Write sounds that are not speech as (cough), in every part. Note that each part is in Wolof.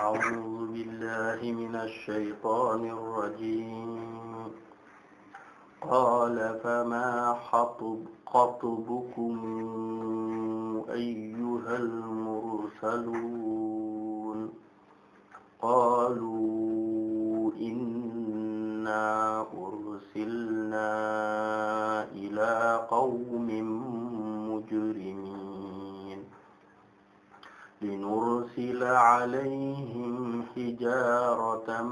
أعوذ بالله من الشيطان الرجيم قال فما خطب خطبكم أيها المرسلون قالوا إنا أرسلنا إلى قوم nursila alayhim hijaratan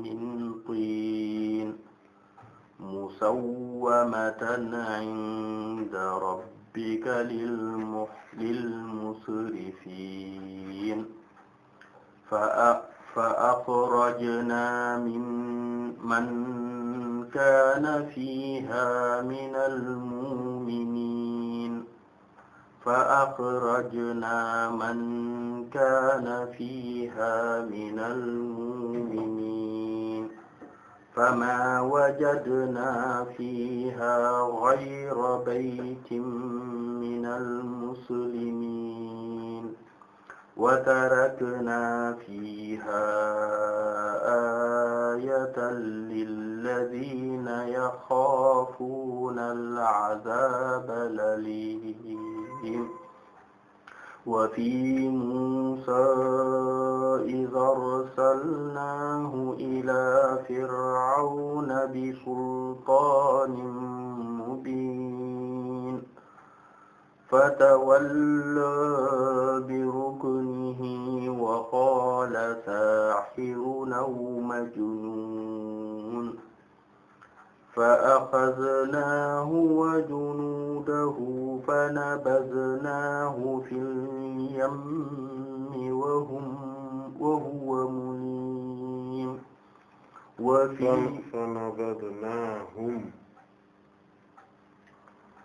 min tiin musawwamatan inda rabbika lilmusrifin fa akhrajna min man kaana fiha min almuminin فأخرجنا من كان فيها من المؤمنين فما وجدنا فيها غير بيت من المسلمين وتركنا فيها آية للذين يخافون العذاب الأليم آياتهم وفي موسى إذا أرسلناه إلى فرعون بسلطان مبين فتولى بركنه وقال ساحر أو مجنون فأخذناه وجنوده فنبذناه في اليم وهم وهو مليم وفي فنبذناهم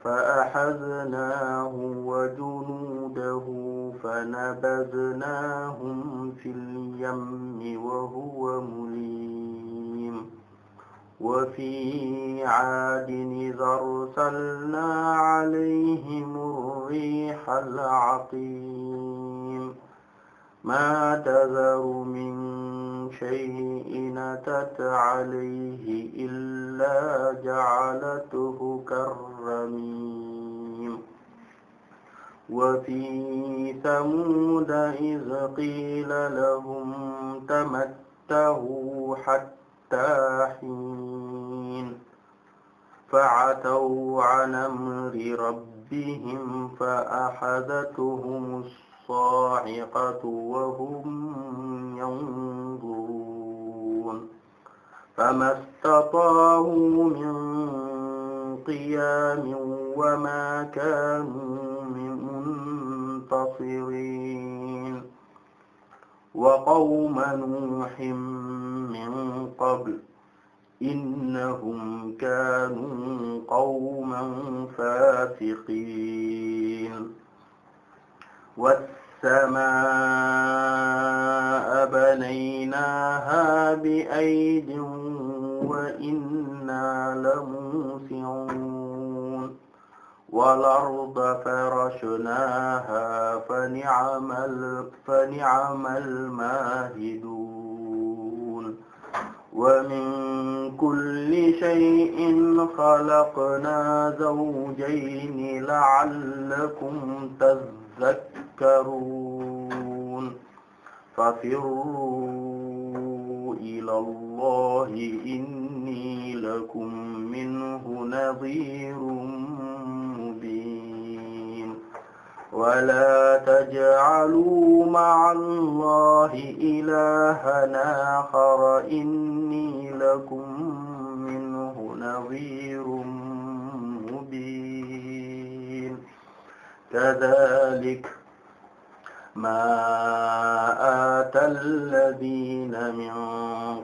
فأخذناه وجنوده فنبذناهم في اليم وهو مليم وفي عاد إذ أرسلنا عليهم الريح العقيم ما تذر من شيء أتت عليه إلا جعلته كالرميم وفي ثمود إذ قيل لهم تمتعوا حتى حتى حين فعتوا عن أمر ربهم فأخذتهم الصاعقة وهم ينظرون فما استطاعوا من قيام وما كانوا منتصرين wa qawma nuuhin min qabl innahum kaanuu qawman faasiqiin wassamaa'a banaynaahaa bi aydin wa innaa lamuusi'uun والأرض فرشناها فنعم فنعم الماهدون ومن كل شيء خلقنا زوجين لعلكم تذكرون ففروا إلى الله إني لكم منه نظير ولا تجعلوا مع الله إلها آخر إني لكم منه نظير مبين كذلك ما آتى الذين من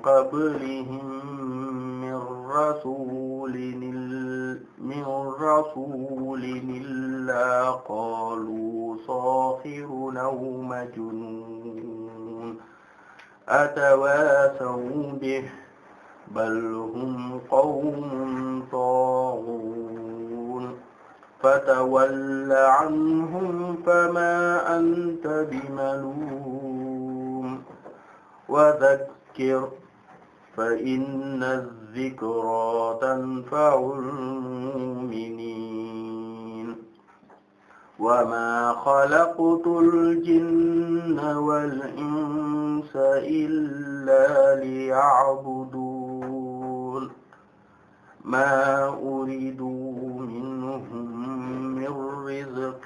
قبلهم رسول من رسول إلا قالوا ساحر أو مجنون أتواسوا به بل هم قوم طاغون فتول عنهم فما أنت بملوم وذكر فإن الذكرى تنفع المؤمنين وما خلقت الجن والإنس إلا ليعبدون ما أريد منهم من رزق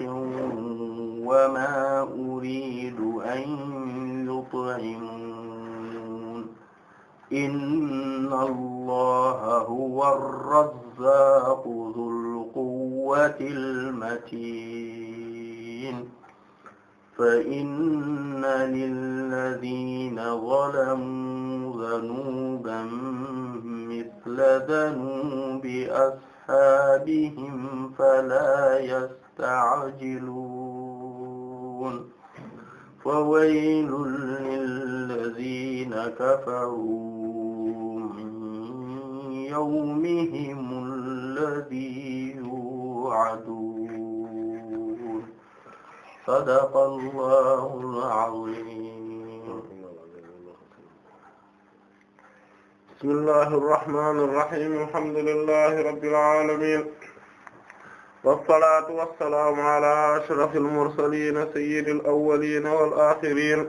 وما أريد أن يطعمون إن الله allaha huwa arrazzaqu dhul quwwati almatin fa inna lilladhina zalamu dhanuban mithla dhanubi ashabihim fala yasta'jilun fawaylun lilladhina kafaru يومهم الذي يوعدون صدق الله العظيم بسم الله الرحمن الرحيم الحمد لله رب العالمين والصلاة والسلام على أشرف المرسلين سيد الأولين والآخرين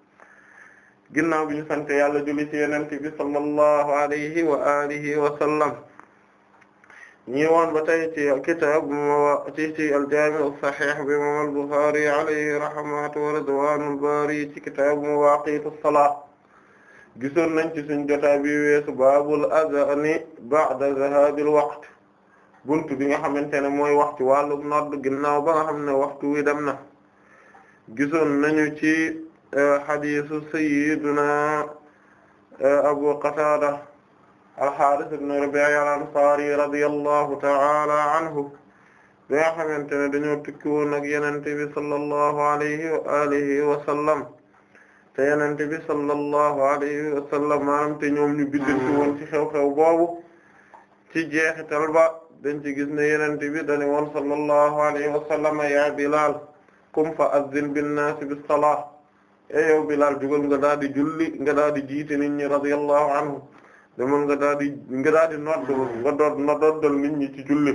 ginnaaw bi ñu sant yàlla julli ci yonent bi sallallahu alayhi wa alihi wa sallam ñi woon ba tey ci kitaab ci ci al-jaami' bi imam al-Bukhari alayhi rahmatu wa ridwanul bari ci kitaabu mawaaqiitu as-salaat gisoon nañ ci suñ jotaa bi weesu baabul adhaani ba'da zahaabil waqt buntu bi nga xamante ne mooy wax ci wàllu nodd ginnaaw waxtu wi dem na gisoon nañu ci hadiisu sayyidina Abu Qatada al-Haaris ibn Rabi'a al-Ansaari radiyallahu ta'ala anhu bi nga xamante ne dañoo tukki woon ak Yonent bi sallallahu alayhi wa alihi wa sallam te Yonent bi sallallahu alayhi wa sallam maanaam te ñoom ñu biddanti hmm. woon ci xew-xew boobu ci jeexital ba dañ ci gis ne Yonent bi dañu woon sallallahu alayhi wa sallam ya Bilaal qum fa azzin bin-naasi bis-salaah yow Bilaal jugal nga daal di julli nga daal di jiite nit ñi anhu dama nga daal di nga daal di noddu ci julli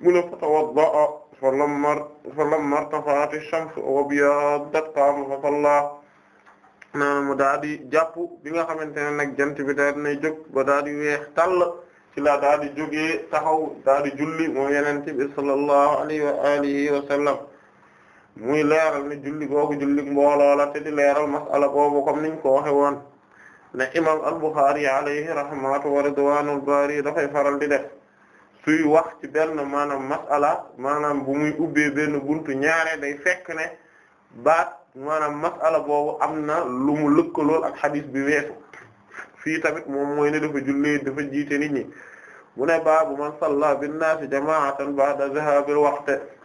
mu ne fatawadda'a falamma falamma irtafa'at ash-shamsu wa bayyadat qama fa salla naana mu daal di jàpp bi nga xamante ne nag jant bi daal di nay jóg ba daal di weex tàll ci la daal taxaw daal di julli moom yenente bi sallallahu alayhi wa alihi wa muy leeral ne julli googu julli mbooloo la te leeral masala boobu comme niñ ko waxe woon ne imam al-Bukhari alayhi rahmatu wa ridwanul bari dafay faral di def suy wax ci benn maanaam masala maanaam bu muy ubbee benn buntu ñaare day fekk ne baat maanaam masala boobu am na lu mu lëkkalool ak xadis bi weesu fii tamit moom mooy ne dafa jullee dafa jiite nit ñi mu ne baabu man salla bin naasi jamaatan a zahabil waxte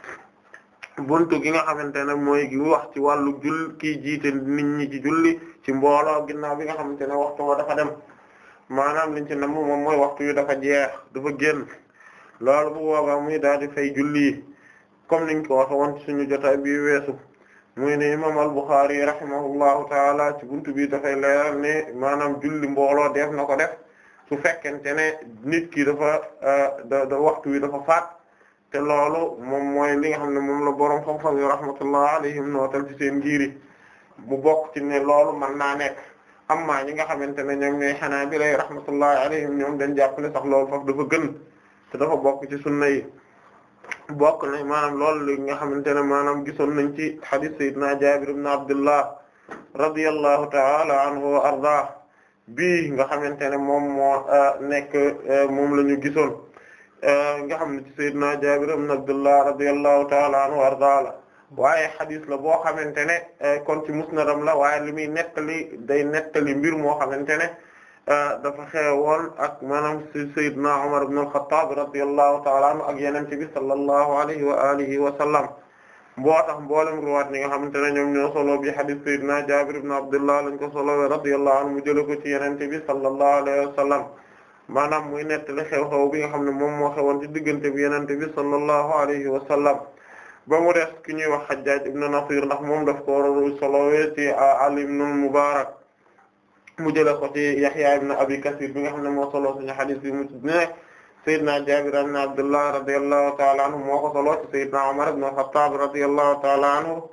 buntu gi nga xamante ne mooy gi wax ci wàllu jull kii jiite nit ñi ci julli ci mbooloo ginnaaw bi nga xamante ne waxtu woo dafa dem maanaam liñ ci nam moom mooy waxtu wi dafa jeex dafa génn loolu bu boobaa muy daal di fay julli comme niñ ko waxe woon ci suñu jotaay bi weesu muy ne imam al-Bukhari rahimahullahu taala ci buntu bi dafay leeral ne maanaam julli mbooloo def na ko def su fekkente ne nit ki dafa euh, da waxtu wi dafa faat te loolu moom mooy li nga xam ne moom la boroom xam-xam yu rahmatullah alayhim nootal ci seen ngiri mu bokk ci ne loolu mën naa nekk amma ñi nga xamante ne ñoom ñooy Hanaabila rahmatullah alayhim ñoom dañ jàpp ne sax loolu foofu dafa gën te dafa bokk ci sunna yi bokk na maanaam loolu li nga xamante ne maanaam gisoon nañ ci hadith naa Jaabir ibn Abdullah radiyallahu ta'ala anhu wa arda bii nga xamante ne moom moo ah, nekk eh, moom la gisoon Eh, nga xam ne ci Seydina Jaabir ibn Abdullah radiyallahu ta'ala anhu wa ardaala waaye xadis la boo xamante ne eh, kon ci musnadam la waaye li muy nettali day nettali mbir moo xamante ne eh, dafa xewoon ak maanaam ci Seydina Umar ibn al-Khattab radiyallahu ta'ala anhu ak Yonent bi sallallahu alayhi wa alihi wa sallam boo tax mboolem ruwaat ñi nga xamante ne ñoom ñoo solo bi xadis Seydina Jaabir ibn Abdullah lañ ko solo radiyallahu anhu mu jëlee ko ci Yonent bi sallallahu alayhi wa sallam maanaam muy nettali xew-xew bi nga xam ne moom moo xewoon ci diggante bi yenente bi sallallahu alayhi wa sallam ba mu des ki ñuy wax Hajjaj ibn Nasir ndax moom daf ko solowee ci Ali ibn al-Mubarak mu jële ko ci Yahya ibn Abi Kathir bi nga xam ne moo solo suñu hadith bi mu ne Seydina Jabir ibn Abdullah radiyallahu ta'ala anhu moo ko solo ci Seydina Umar ibn al-Khattab radiyallahu ta'ala anhu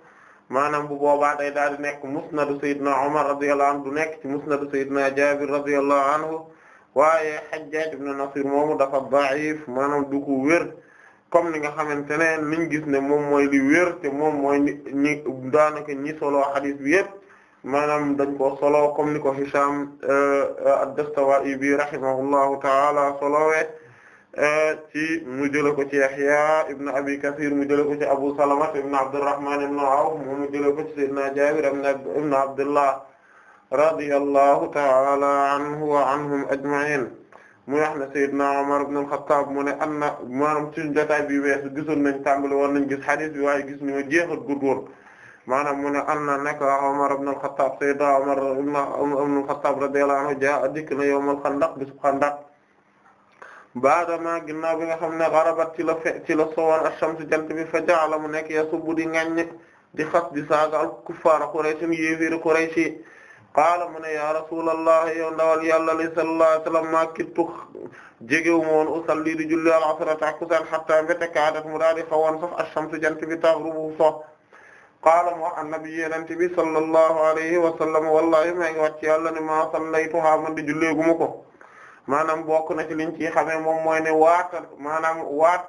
maanaam bu boobaa day daal di nekk musnadu Seydina Umar radiyallahu anhu du nekk ci musnadu Seydina Jabir radiyallahu anhu waaye Hajjaj ibn Nasir moomu dafa da'if maanaam du ko wér comme ni nga xamante ne liñ gis ne moom mooy li wér te moom mooy ñi daanaka ñi solo hadith bi yëpp maanaam dañ ko solo comme ni ko Hisham euh, ad-Dastawa'i bi rahimahullahu ta'ala solowee euh, ci mu jële ko ci Yahya ibn Abi Kathir mu jële ko ci Abu Salama ibn Abdurrahman ibn Awf mu jële ko ci na Jabir ibn Abdullah radiyallahu ta'ala anhu wa anhum ajma'in mu wax ne Seydina Omar ibn al-Khattab mu ne am na maanaam suñu jotaay bi weesu gisoon nañ tàmbali woon nañ gis xadis bi waaye gis ñu jeexal guddoon maanaam mu ne am na nekk Omar ibn al-Khattab Seydina Omar ibn al-Khattab radiyallahu anhu jaa dikk na yawmal Xandaq bisu Xandaq baadama ginnaaw bi nga xam ne xarabat ci la fe ci la sowoon ash-shamsu jant bi fa ja'ala mu nekk yasubbu di ŋaññ di xas di saaga al-kuffaar Quraysh yéeféeri Quraysh qaala mu ne ya rasulallah yow ndawal yàlla li sallallahu alayhi wa sallam maa kittu jegewu ma woon usalli di julli hatta mbete kaadat mu daal di xawoon sax ash-shamsu jant bi taghrubu so qaala mu wax annabi yenente bi sallallahu alayhi wa sallam wallahi maa ngi wàcc yàlla ne maa sallaytuhaa man di julleegu ma ko maanaam bokk na ci liñ ci xamee moom mooy ne waatal maanaam waat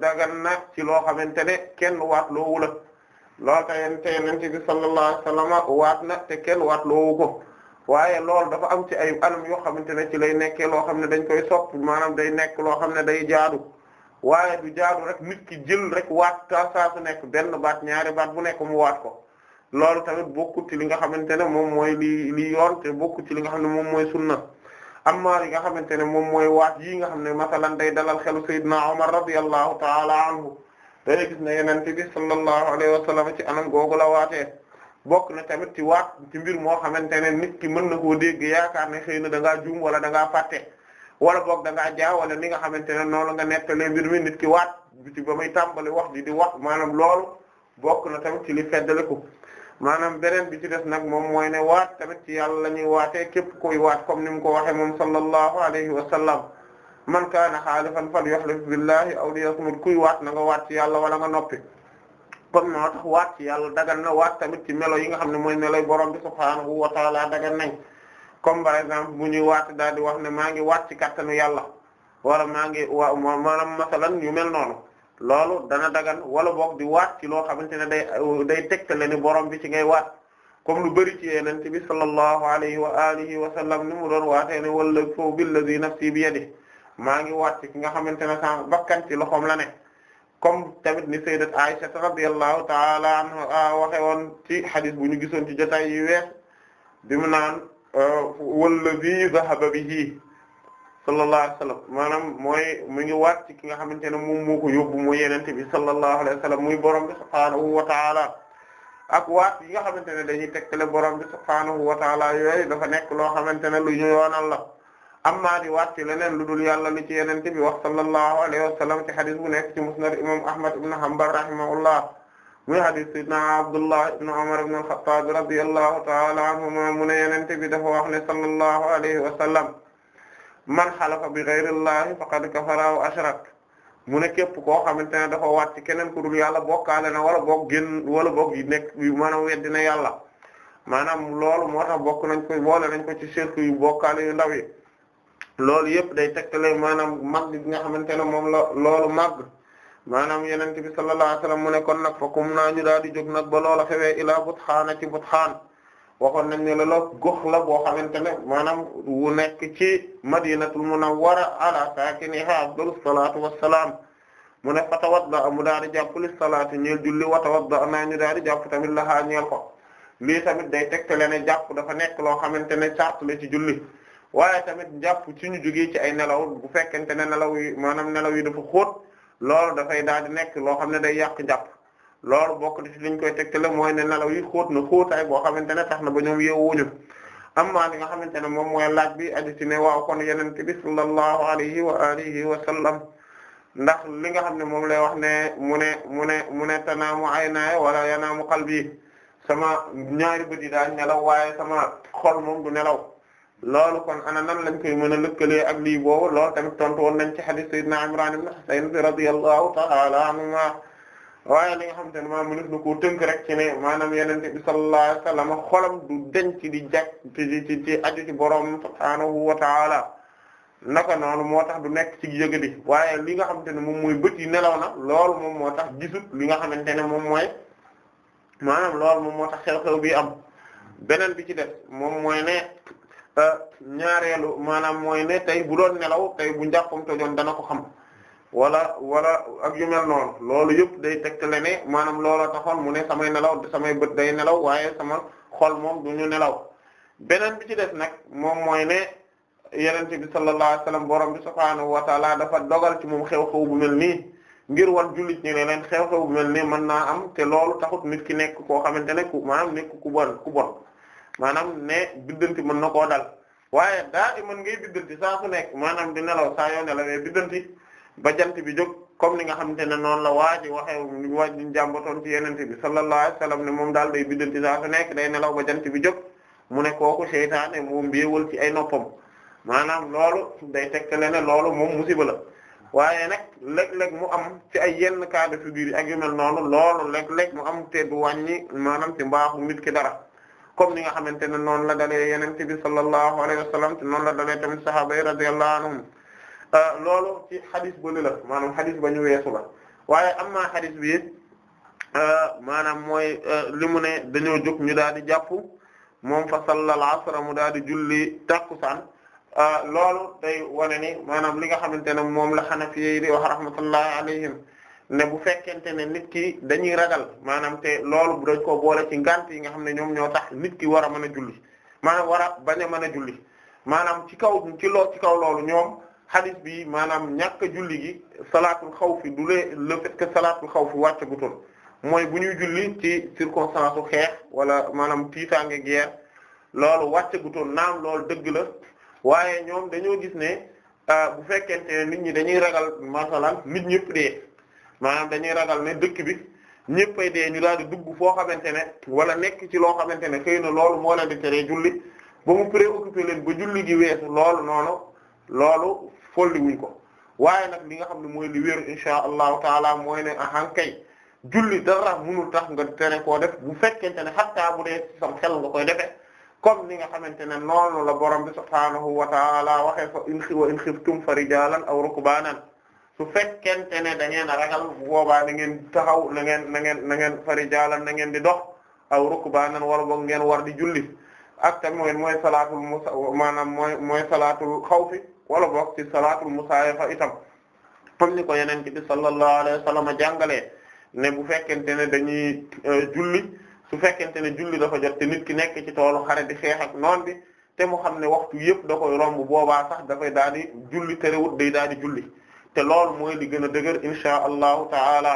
dagan na ci loo xamante ne kenn waat loowula loolu tey te yonent bi sallallahu alayhi wasallam waat na te kenn waat loowu ko waaye loolu dafa am ci ay anam yoo xamante ne ci lay nekkee loo xam ne dañ koy sopp maanaam day nekk loo xam ne day jaadu waaye du jaadu rek nit ki jël rek waat saa saa nekk benn baat ñaare baat bu nekk mu waat ko loolu tamit bokkut ci li nga xamante ne moom mooy li li yoon te bokkut ci li nga xam ne moom mooy sunna amma li nga xamante ne moom mooy waat yi nga xam ne masalan day dalal xelu Seydina Omar radiyallahu ta'ala anhu dañuy gis ne yonent bi sallallahu alayhi wa sallam ci anam googu la waatee bokk na tamit ci waat ci mbir moo xamante ne nit ki mën na koo dégg yaakaar ne xëy na da juum wala da ngaa wala boog da jaa wala ni nga xamante ne noonu nga nettalee mbir mi nit ki waat bi ci ba may tàmbali wax di di wax maanaam loolu bokk na tamit ci li feddaliku maanaam beneen bi ci des nag moom mooy ne waat tamit ci yàlla la ñuy waatee képp koy waat comme ni mu ko waxee moom sallallahu alayhi wa sallam man kaana xaalifan falyahlif billahi aw liyasmut kuy waat na nga waat ci yàlla wala nga noppi kon moo tax waat ci yàlla dagan na waat tamit ci melo yi nga xam ne mooy meloy lay bi subhaanahu wa taala dagan nañ comme par exemple mu ñuy waat daal di wax ne maa ngi waat ci kattanu yàlla wala maa ngi wa maanaam masalan yu mel noonu loolu dana dagan wala boog di waat ci loo xamante ne day day tegtale ni borom bi ci ngay waat comme lu bëri ci yonent bi sallallahu alayhi wa alihi wa sallam ni mu doon waatee ne wala foofu billadhi nafsi bi yadihi maa ngi waat ci ki nga xamante ne sama bakkan ci loxoom la ne comme tamit ni sayyidat Aisha radiyallahu ta'ala anha waxe woon ci hadith bu ñu gisoon ci jotaay yi wees bi mu naan wallazi dhahaba bihi sallallahu alayhi wa sallam maanaam mooy mu ngi waat ci ki nga xamante ne moom moo ko yóbbu mooy yenente bi sallallahu muy borom bi subhaanahu wa ak waat yi nga xamante ne dañuy tegtale borom bi subhaanahu wa yooyu dafa nekk loo xamante ne lu ñu yoonal la amma di waat ci leneen lu dul yàlla li ci yenente bi wax sallallahu alayhi wa sallam ci hadis bu nekk ci musnad imam ahmad ibn hanbal rahimahullah muy hadis sayyidina abdullah ibn umar ibn al-khattab radiyallahu ta'ala anhuma mu ne yenente bi dafa wax ne sallallahu alayhi wa sallam man xalafa bi ghayrillahi faqad kafara wa ashrak mu ne képp koo xamante ne dafa waat ci keneen ku dul yàlla bokkaale na wala boog génn wala boog yi nekk maanaam weddina yàlla maanaam loolu moo tax bokk nañ ko boole nañ ko ci shirk yu bokkaale yu ndaw yi loolu yëpp day tegtale maanaam màgg bi nga xamante ne moom la loolu màgg maanaam yeneen bi sallallahu mu ne nag fa kum naa ñu daal di jóg nag ba loola xewee ilaa Butxaana ci Butxaan waxoon nañ ne la gox la boo xamante ne maanaam wu nekk ci madinatul munawwara ala saakiniha afdalu salaatu wassalaam mu ne fa tawadda mu daal di jàpp li salaatu ñeel julli wa naa ñu daal di jàpp tamit lahaa ñeel ko lii tamit day tegtale ne jàpp dafa nekk loo xamante ne sart la ci julli waaye tamit njàpp ci ñu jógee ci ay nelaw bu fekkente ne nelaw yi maanaam nelaw yi dafa xóot loolu dafay daal di nekk loo xam ne day yàq njàpp loolu bokk ci liñ koy la mooy ne nelaw yi xóot na xóotaay boo xamante ne tax na ba ñoom yeewuñu amma li nga xamante ne moom mooy laaj bi aju ci ne waaw kon yonent bi sallallahu alayhi wa alihi wa sallam ndax li nga xam ne moom lay wax ne mu ne mu ne mu ay naa aynaaya wala yanaamu qalbi sama ñaari bët yi daal nelaw waaye sama xol moom du nelaw. loolu kon ana nan lañ koy mën a lëkkalee ak lii boobu lool tamit tontu woon nañ ci hadith Seydina Imran ibn Husayn bi radiyallahu ta'ala anhuma waaye li nga xamante ne maa mënut na koo tënk rek ci ne maanaam yonent bi sallallahu alayhi wasallam xolam du denc di jag ci ci ci aju ci borom subhaanahu wa ta'ala naka noonu moo tax du nekk ci yëgadi waaye li nga xamante ne moom mooy bët yi nelaw na loolu moom moo tax gisut li nga xamante ne moom mooy maanaam loolu moom moo tax xew-xew bi am beneen bi ci def moom ñaareelu maanaam mooy ne tey bu doon nelaw tey bu njàppam tojoon dana ko xam wala wala ak yu mel noonu loolu yëpp day tegtale ne maanaam looloo taxoon mu ne samay nelaw samay bët day nelaw waaye sama xol moom du ñu nelaw beneen bi ci des nag moom mooy ne yeneen bi sallallahu alayhi wasallam borom bi subhaanahu wa taala dafa dogal ci moom xew-xew bu mel nii ngir wan jullit ñi ne leen xew-xew bu mel nii mën naa am te loolu taxut nit ki nekk koo xamante ne ku nekk ku bon ku bon maanaam ne biddanti mën na koo dal waaye daa i mën ngay biddanti saa su nekk maanaam di nelaw saa yoo nelawee biddanti ba jant bi jóg comme ni nga xam xamante ne noonu la waaji waxe waaj diñ jàmbatoon ci yenente bi sallallahu alayhi wasallam ne moom daal day biddanti saa su nekk day nelaw ba jant bi jóg mu ne kooku seytaane moo mbiewal ci ay noppam maanaam loolu day tegtale ne loolu moom musiba la waaye nag léeg-léeg mu am ci ay yenn cas de a yi noonu loolu léeg-léeg mu am te du wàññi maanaam ci mbaaxu nit ki dara comme ni nga xamante ne noonu la dalee yonent bi sallallahu alayhi wa sallam te noonu la dalee tamit sahaaba yi radiyallahu anhum euh, loolu ci xadis bële la maanaam xadis ba ñu weesu la waaye am naa xadis bi euh, maanaam mooy euh, li mu ne dañoo jóg ñu daal di jàpp moom fa sallal asra mu daal di julli takkusaan loolu day wane ni maanaam li nga xamante ne moom la Hanafi yi di wax rahmatullahi alayhim ne bu fekkente ne nit ki dañuy ragal maanaam te loolu dañ ko boole ci ngant yi nga xam ne ñoom ñoo tax nit ki war a mën a julli maanaam war a bañ a mën a julli maanaam ci kaw ci loo ci kaw loolu ñoom hadith bi maanaam ñàkk julli gi salaatul xawfi du lee le fait que salaatul xawfi wàcc gu toll mooy bu ñuy julli ci circonstance u xeex wala maanaam tiitaange guerre loolu wàcc gu naam lool dëgg la waaye ñoom dañoo gis ne euh, bu fekkente nit ñi dañuy ragal masalan nit ñëpp dee maanaam dañuy ragal ne dëkk bi ñëppay de ñu daal di dugg foo xamante ne wala nekk ci loo xamante ne xëy na loolu moo leen di teree julli ba mu préoccupé leen ba julli gi loolu noonu loolu folli wuñ ko waaye nag li nga xam ne mooy li wéeru insha allahu taala mooy ne ahankay julli dara munul tax nga tere koo def bu fekkente ne xattaa bu dee sam xel nga koy defe comme ni nga xamante ne noonu la borom bi subhaanahu wa taala waxee fa in wa in xiftum fa rijalan aw rukbaanan su fekkente ne da ngeen a ragal bu boobaa na ngeen taxaw na ngeen na ngeen na ngeen na ngeen di dox aw rukbaanan wala boog ngeen war di julli ak tamit mooy mooy salaatul musa maanaam mooy mooy salaatul xawfi wala boog ci salaatul musaayafa itam comme ni ko yeneen ci bi sallallahu alayhi wa sallam jàngalee ne bu fekkente ne dañuy euh, julli su fekkente ne julli dafa jot te nit ki nekk ci toolu xare di xeex ak noon bi te mu xam ne waxtu yëpp da koy romb boobaa sax dafay daal di julli terewut day daal di julli te loolu mooy li gën a dëgër insha allahu taala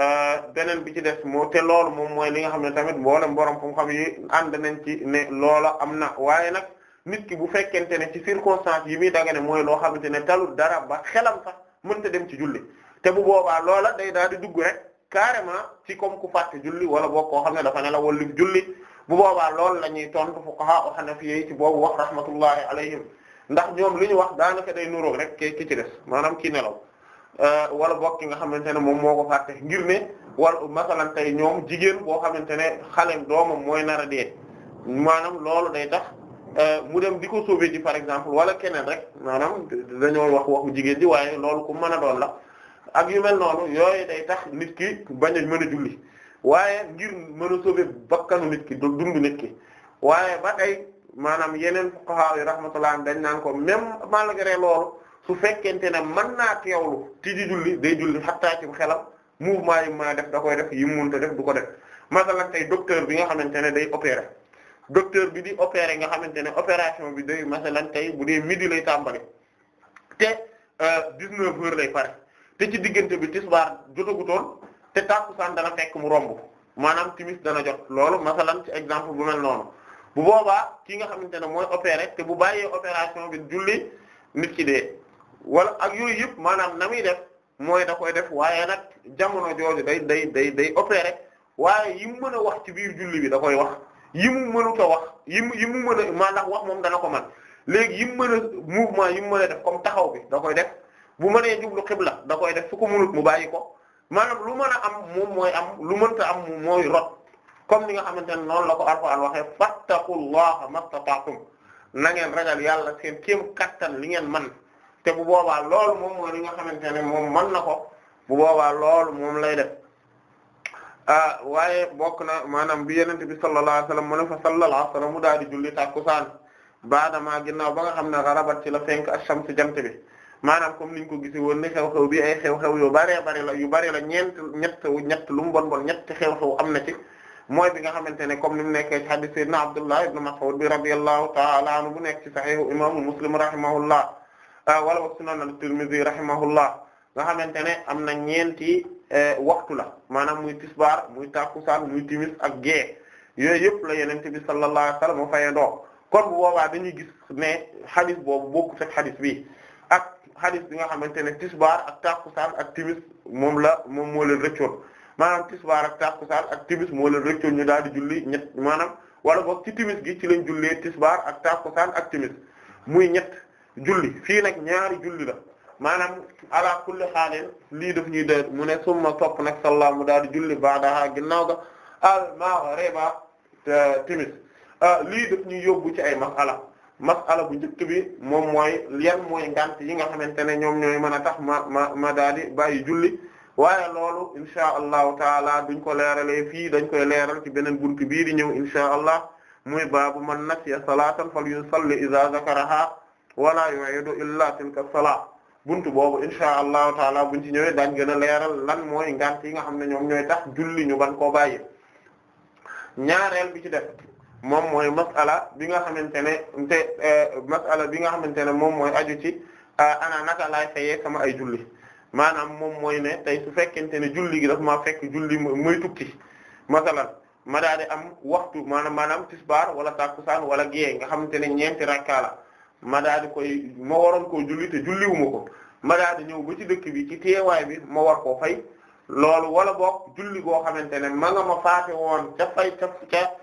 euh, beneen bi ci des moo te loolu moom mooy li nga xam ne tamit mboolem borom xam-xam yi ànd nañ ci ne loola am na waaye nag nit ki bu fekkente ne ci circonstance yi muy ne mooy loo xamante ne talul dara ba xelam sax mënta dem ci julli te bu boobaa loola day daal di dugg rek carrément ci comme ku fàtte julli wala boo koo xam ne dafa ne la wallim julli bu boobaa loolu la ñuy tontu fuqaha o hanafiye ci boobu wax rahmatullahi alayhim ndax ñoom li ñu wax daanaka day nuroog rek ki ki ci des maanaam ki nelaw euh, wala bokk nga xamante ne moom moo ko fàtte ngir ne wala masalan tey ñoom jigéen boo xamante ne xale doomam mooy nar a maanaam loolu day tax euh, mu dem di ko sauver ji par exemple wala keneen rek maanaam dañoo wax waxu jigéen ji waaye loolu ku mën a doon la ak yu mel noonu yooyu day tax nit ki bañ a mën julli waaye ngir mën a sauver bakkanu nit ki dund nit ki waaye ba tey maanaam yeneen fuqaha yi rahmatullah dañ naan ko même malgré loolu su fekkente ne man naa teewlu ti di julli day julli xattaa ci xelam mouvement yi ma def da koy def yi munta def du ko def masalan tey docteur bi nga xamante ne day opérer docteur bi di opérer nga xamante ne opération bi day masalan tey bu dee midi lay tàmbali te 19 euh, heures lay pare te ci diggante bi tisbaar jotagutoon te tàkkusaan dana fekk mu romb maanaam timis dana jot loolu masalan ci exemple bu mel bu boobaa ki nga xamante ne mooy opéré te bu bàyyee opération bi julli nit ki dee wala ak yooyu yëpp maanaam na muy def mooy da koy def waaye nag jamono jooju day day day day opéré waaye yi mu mën a wax ci biir julli bi da koy wax yi mu mënut a wax yi mu yi mu mën a maa ndax wax moom dana ko man léegi yi mu mën a mouvement yi mu mën a def comme taxaw bi da koy def bu mënee jublu xibla da koy def su ko mënut mu bàyyi ko maanaam lu mën a am moom mooy am lu mënta am mooy rot comme ni nga xamante ne noonu la ko Alxuraan waxee fattaqullaha mastata'tum na ngeen ragal yàlla seen kéem kattan li ngeen man te bu boobaa loolu moom moo li nga xamante ne moom mën na ko bu boobaa loolu moom lay def ah, waaye bokk na maanaam bi yenente bi sallallahu alayhi wasallam mu ne fa sallal asra mu daal di julli tàkkusaan baadamaa ginnaaw ba nga xam ne xarabat ci la fenk ash-shams jant bi maanaam comme niñ ko gisi woon ne xew-xew bi ay xew-xew yu baree bari la yu bari la ñeent ñett ñett lu mu bon bon ñett am na ci mooy bi nga xamante ne comme ni mu nekkee ci hadith sayyidina Abdullah ibn Mas'ud bi radiyallahu ta'ala anhu bu nekk ci sahihu imaamu Muslim rahimahullah uh, wala wa sunan at-Tirmidhi rahimahullah nga xamante ne am na ñeenti uh, waxtu la maanaam muy tisbaar muy takusaan muy timis ak gée yooyu yëpp la yonent bi sallallahu alayhi wa sallam mu fayandoo kon bu boobaa dañuy gis ne hadith boobu bokkut ak hadith bi ak hadith bi nga xamante ne tisbaar ak takusaan ak timis moom la moom moo leen rëccoon maanaam tisbaar ak takkusaan ak timis moo leen ñu daal di julli ñett maanaam wala boog ci gi ci lañ jullee tisbaar ak takkusaan ak timis muy ñett julli fii nag ñaari julli la maanaam ala kulli xaalin lii daf ñuy doy mu ne summa topp nag sallaa mu daal di julli baadaha ginnaaw ga al maghriba timis ah, lii daf ñuy yóbbu ci ay masala masala bu njëkk bi moom mooy yan mooy ngant yi nga xamante ne ñoom ñooy mën a tax ma ma ma di bàyyi julli waaye loolu insha allahu taala duñ ko leeralee fii dañ koy leeral ci beneen buntu bii di ñëw insha allah muy baabu man nasiya salatan falyusalli idha zakaraha wala yu'idu illa tilka salat buntu boobu insha allahu taala buñ ci ñëwee daañ gën a leeral lan mooy ngant yi nga xam ne ñoom ñooy tax julli ñu ban koo bàyyi ñaareel bi ci def moom mooy mas'ala bi nga xamante ne te eh, mas'ala bi nga xamante ne moom mooy aju ci eh, ana naka laay fayee sama ay julli maanaam moom mooy ne tey su fekkente ne julli gi daf maa fekk julli muy tukki masalan ma daa di am waxtu maanaam maanaam tisbaar wala takusaan wala gée nga xamante ne ñeenti rakkaa la ma daa di koy ma waroon ko julli te julliwuma ko ma daa di ñëw ba ci dëkk bi ci teewaay bi ma war koo fay loolu wala boog julli goo xamante ne ma nga ma faate woon ca fay ca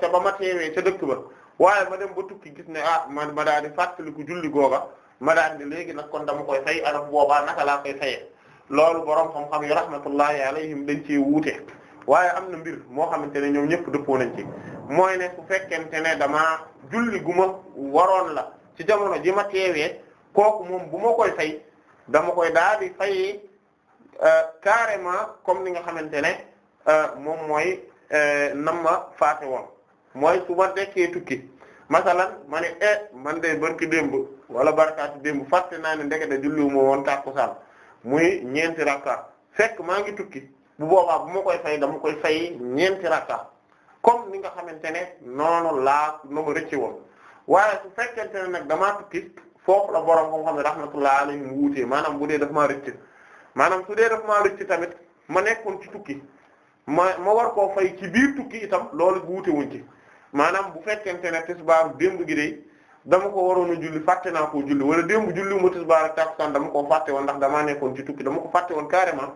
ca ba ma teewee ca dëkk ba waaye ma dem ba tukki gis ne ah ma ma daa di fàttaliku julli googa ma daan di léegi nag kon dama koy fay anam boobaa naka laa koy fayee loolu borom xam-xam yi rahmatullahi alayhim dañ ci wuute waaye am na mbir moo xamante ne ñoom ñëpp dëppoo nañ ci mooy ne su fekkente ne dama julli guma waroon la ci jamono ji ma teewee kooku moom bu ma koy fay dama koy daal di fay euh, carrément comme ni nga xamante ne euh, moom mooy euh, nam faate woon mooy su ma dekkee tukki. masalan ma ne e man de barki démb wala barkaati démb fàtte naa ne ndekete julliwuma woon tàkkusaan muy ñeenti rakka fekk maa ngi tukki bu boobaa bu ma koy fay dama koy fay ñeenti rakka comme ni nga xamante ne noonu laa na ma rëcce woon waaye su fekkente ne nag damaa tukki foofu la borom ko xam ne rahmatullah alayhi mu wuutee maanaam bu dee daf maa rëcc maanaam su dee daf maa rëcc tamit ma nekkoon ci tukki ma ma war koo fay ci biir tukki itam loolu wuute ci maanaam bu fekkente ne tisbaaru démb gi de dama ko waroon a julli fàtte naa koo julli wala démb julli ma tisbaar ak takusaan dama ko fàtte woon ndax damaa nekkoon ci tukki dama ko fàtte woon carrément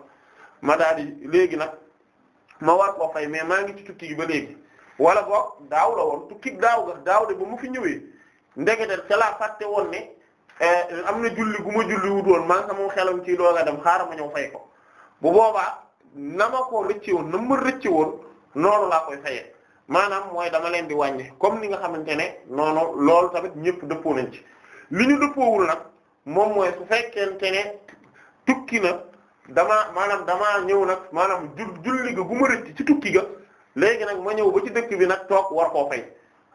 ma daal di léegi nag ma war koo fay mais maa ngi ci tukki ba léegi wala boo daaw la woon tukki daaw ga daaw de ba mu fi ñëwee ndekete ca laa fàtte woon ne eh, am na julli gu ma julli wut woon maa mu xelam ci looga dem xaaral ma ñëw fay ko bu boobaa na ma koo rëcce woon na ma rëcce woon noonu laa koy fayee maanaam mooy dama leen di wàññi comme ni nga xamante ne noonu loolu tamit ñëpp dëppoo nañ ci li ñu dëppoowul nag moom mooy su fekkente ne tukki na damaa maanaam damaa ñëw nag maanaam ju julli ga guma ma ci tukki ga léegi nag ma ñëw ba ci dëkk bi nag toog war koo fay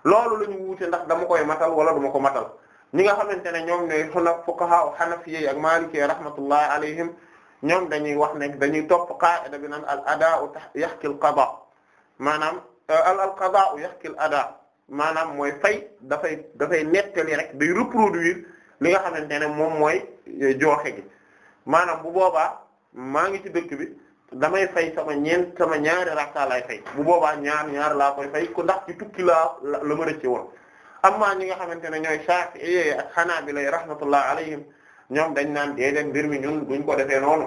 loolu la ñu wuute ndax dama koy matal wala duma ko matal ni nga xamante ne ñoom ñooy xuna fuqaha hanafiyyi ak maliki rahmatullahi alayhim ñoom dañuy wax ne dañuy topp qaida bi naan al adaa'u yahki al qada maanaam Euh, al al qadaa'u yahki al adaa maanaam mooy fay dafay dafay nettali rek day reproduire li nga xamante ne moom mooy euh, jooxe gi maanaam bu boobaa maa ngi ci dëkk bi damay fay sama ñeent sama ñaari rakka lay fay bu boobaa ñaar ñaar laa koy fay ku ndax ci tukki laa la ma rëcce woon amma ñi nga xamante ne ñooy Shafi'i ak Hanabila rahmatullah alayhim ñoom dañ naan déedéet mbir mi ñun duñ ko defee noonu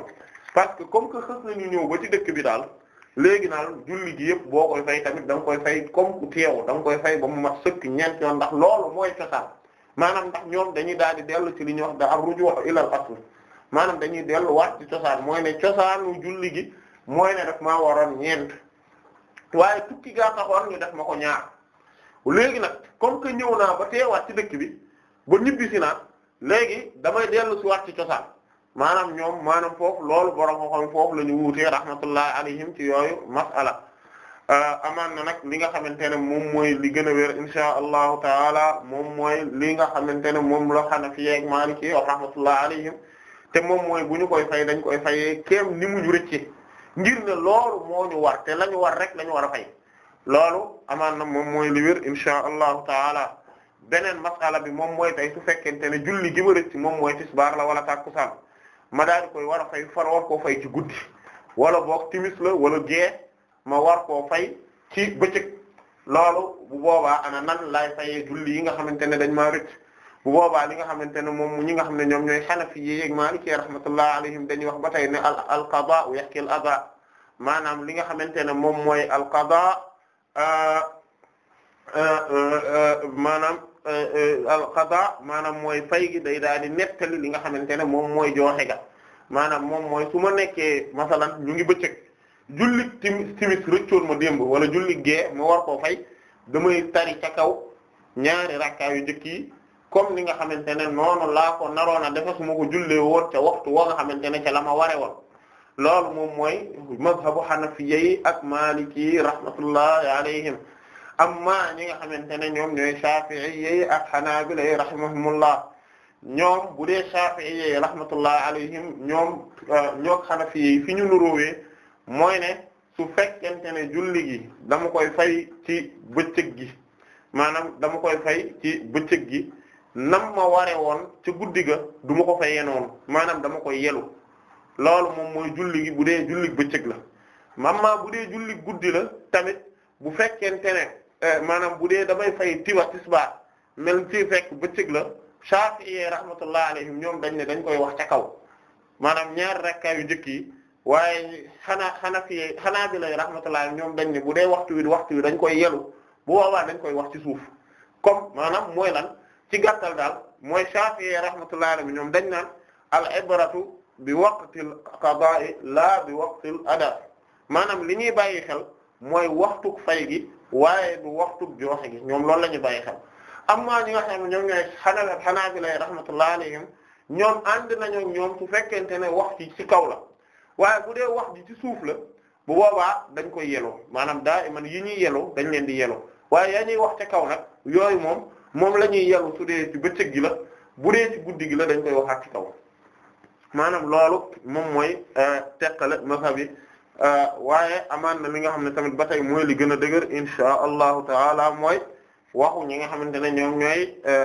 parce que comme que xës nañu ñëw ba ci dëkk bi daal léegi naan julli gi yëpp boo koy fay tamit da nga koy fay comme ku teew da koy fay ba mu mat sëkk ñeent yoon ndax loolu mooy cosaan maanaam ndax ñoom dañuy daal di dellu ci li ñuy wax da ar-ruju' ila al-asl maanaam dañuy delluwaat ci cosaan mooy ne cosaanu julli gi mooy ne daf maa waroon ñeent waaye tukki gaa taxoon ñu def ma ko ñaar léegi nag comme que ñëw naa ba teewaat ci dëkk bi ba ñibbisi naa léegi damay dellu si waat ci cosaan maanaam ñoom maanaam foofu loolu borom xam foofu la ñu wuutee rahmatullahi alayhim ci yooyu mas'ala euh, amaan na nag li nga xamante ne moom mooy li gën a wér insha allahu taala moom mooy li nga xamante ne moom la Hanafi ak Maliki wa rahmatullahi alayhim te moom mooy bu ñu koy fay dañ koy fayee kéem ni mu ñu rëcce ngir ne loolu moo ñu war te la ñu war rek la ñu war a fay loolu amaan na moom mooy li wér insha allahu taala beneen mas'ala bi moom mooy tey su fekkente ne julli gi ma rëcc moom mooy tisbaar la wala tàkkusaan ma daal di koy war fay far war koo fay ci guddi wala boog timis la wala gée ma war ko fay ci bëccëg loolu bu boobaa ana nan laay fayee julli yi nga xamante ne dañ ma rëcc bu boobaa li nga xamante ne moom ñi nga xam ne ñoom ñooy xanafi yi ak maliki rahmatullah alayhim dañuy wax ba tey ne al al qada yahki al ada maanaam li nga xamante ne moom mooy al qada euh, euh, euh, maanaam Euh, euh, alqada maanaam mooy fay gi day daal di nettali li nga xamante ne moom mooy jooxe ga maanaam moom mooy su ma nekkee masalan ñu ngi bëccëg jullit timis timis rëccoon ma démb wala jullit gee ma war koo fay damay tari ca kaw ñaari rakkaa yu njëkk yi comme ni nga xamante ne noonu laa ko naroon a defe su ma ko jullee woon ca waxtu wa nga xamante ne ca la ma ware woon loolu moom mooy mazhabu xanafiya yi ak maliki rahmatullahi alayhim amma ñi nga xamante ne ñoom ñooy Shafi'iyyi ak Hanabila rahimahumullah ñoom bu dee Shafi'iyyi rahmatullahi alayhim ñoom euh, ñook Hanafiyyi fi ñu nuróowee mooy ne su fekkente ne julli gi dama koy fay ci bëccëg gi maanaam dama koy fay ci bëccëg gi nam ma ware woon ci guddi ga du ma ko fay yenoon maanaam dama koy yelu loolu moom mooy julli gi bu dee julli bëccëg la mamma bu dee julli guddi la tamit bu fekkente ne Eh, maanaam bu dee damay fay tiwa tisbaar mel ci fekk bëccëg la Shafi'i rahmatullah alayhim ñoom dañ ne dañ koy wax ca kaw maanaam ñaar rakka yu njëkk yi waaye xanaa xanaa xanaa bi lay rahmatullah ñoom dañ ne bu dee waxtu wi waxtu wi dañ koy yelu bu boobaa dañ koy wax ci suuf comme maanaam mooy lan ci gàttal daal mooy Shafi'i rahmatullah alayhim ñoom dañ naan al ibratu bi waqtil qada'i la bi waqtil ada maanaam li ñuy bàyyi xel mooy waxtu fay gi waaye du waxtu bi joxe gi ñoom loolu la ñu bàyyi am amma ñi nga xam ne ñoom ñooy xanal ak xanaa bi lay rahmatullah alayhim ñoom ànd nañu ñoom su fekkente ne wax ci ci kaw la waaye bu dee wax ji ci suuf la bu boobaa dañ koy yeloo maanaam daa iman yi ñuy yeloo dañ leen di yeloo waaye yaa ñuy wax ca kaw nag yooyu moom moom la ñuy yeloo su dee ci bëccëg gi la bu dee ci guddi gi la dañ koy waxaat ci kaw maanaam loolu moom mooy euh, teqale mazhab bi Euh, waaye amaan na li nga xam ne tamit ba tey mooy li gën a dëgër insha allahu taala mooy waxu ñi nga xamante ne ñoom ñooy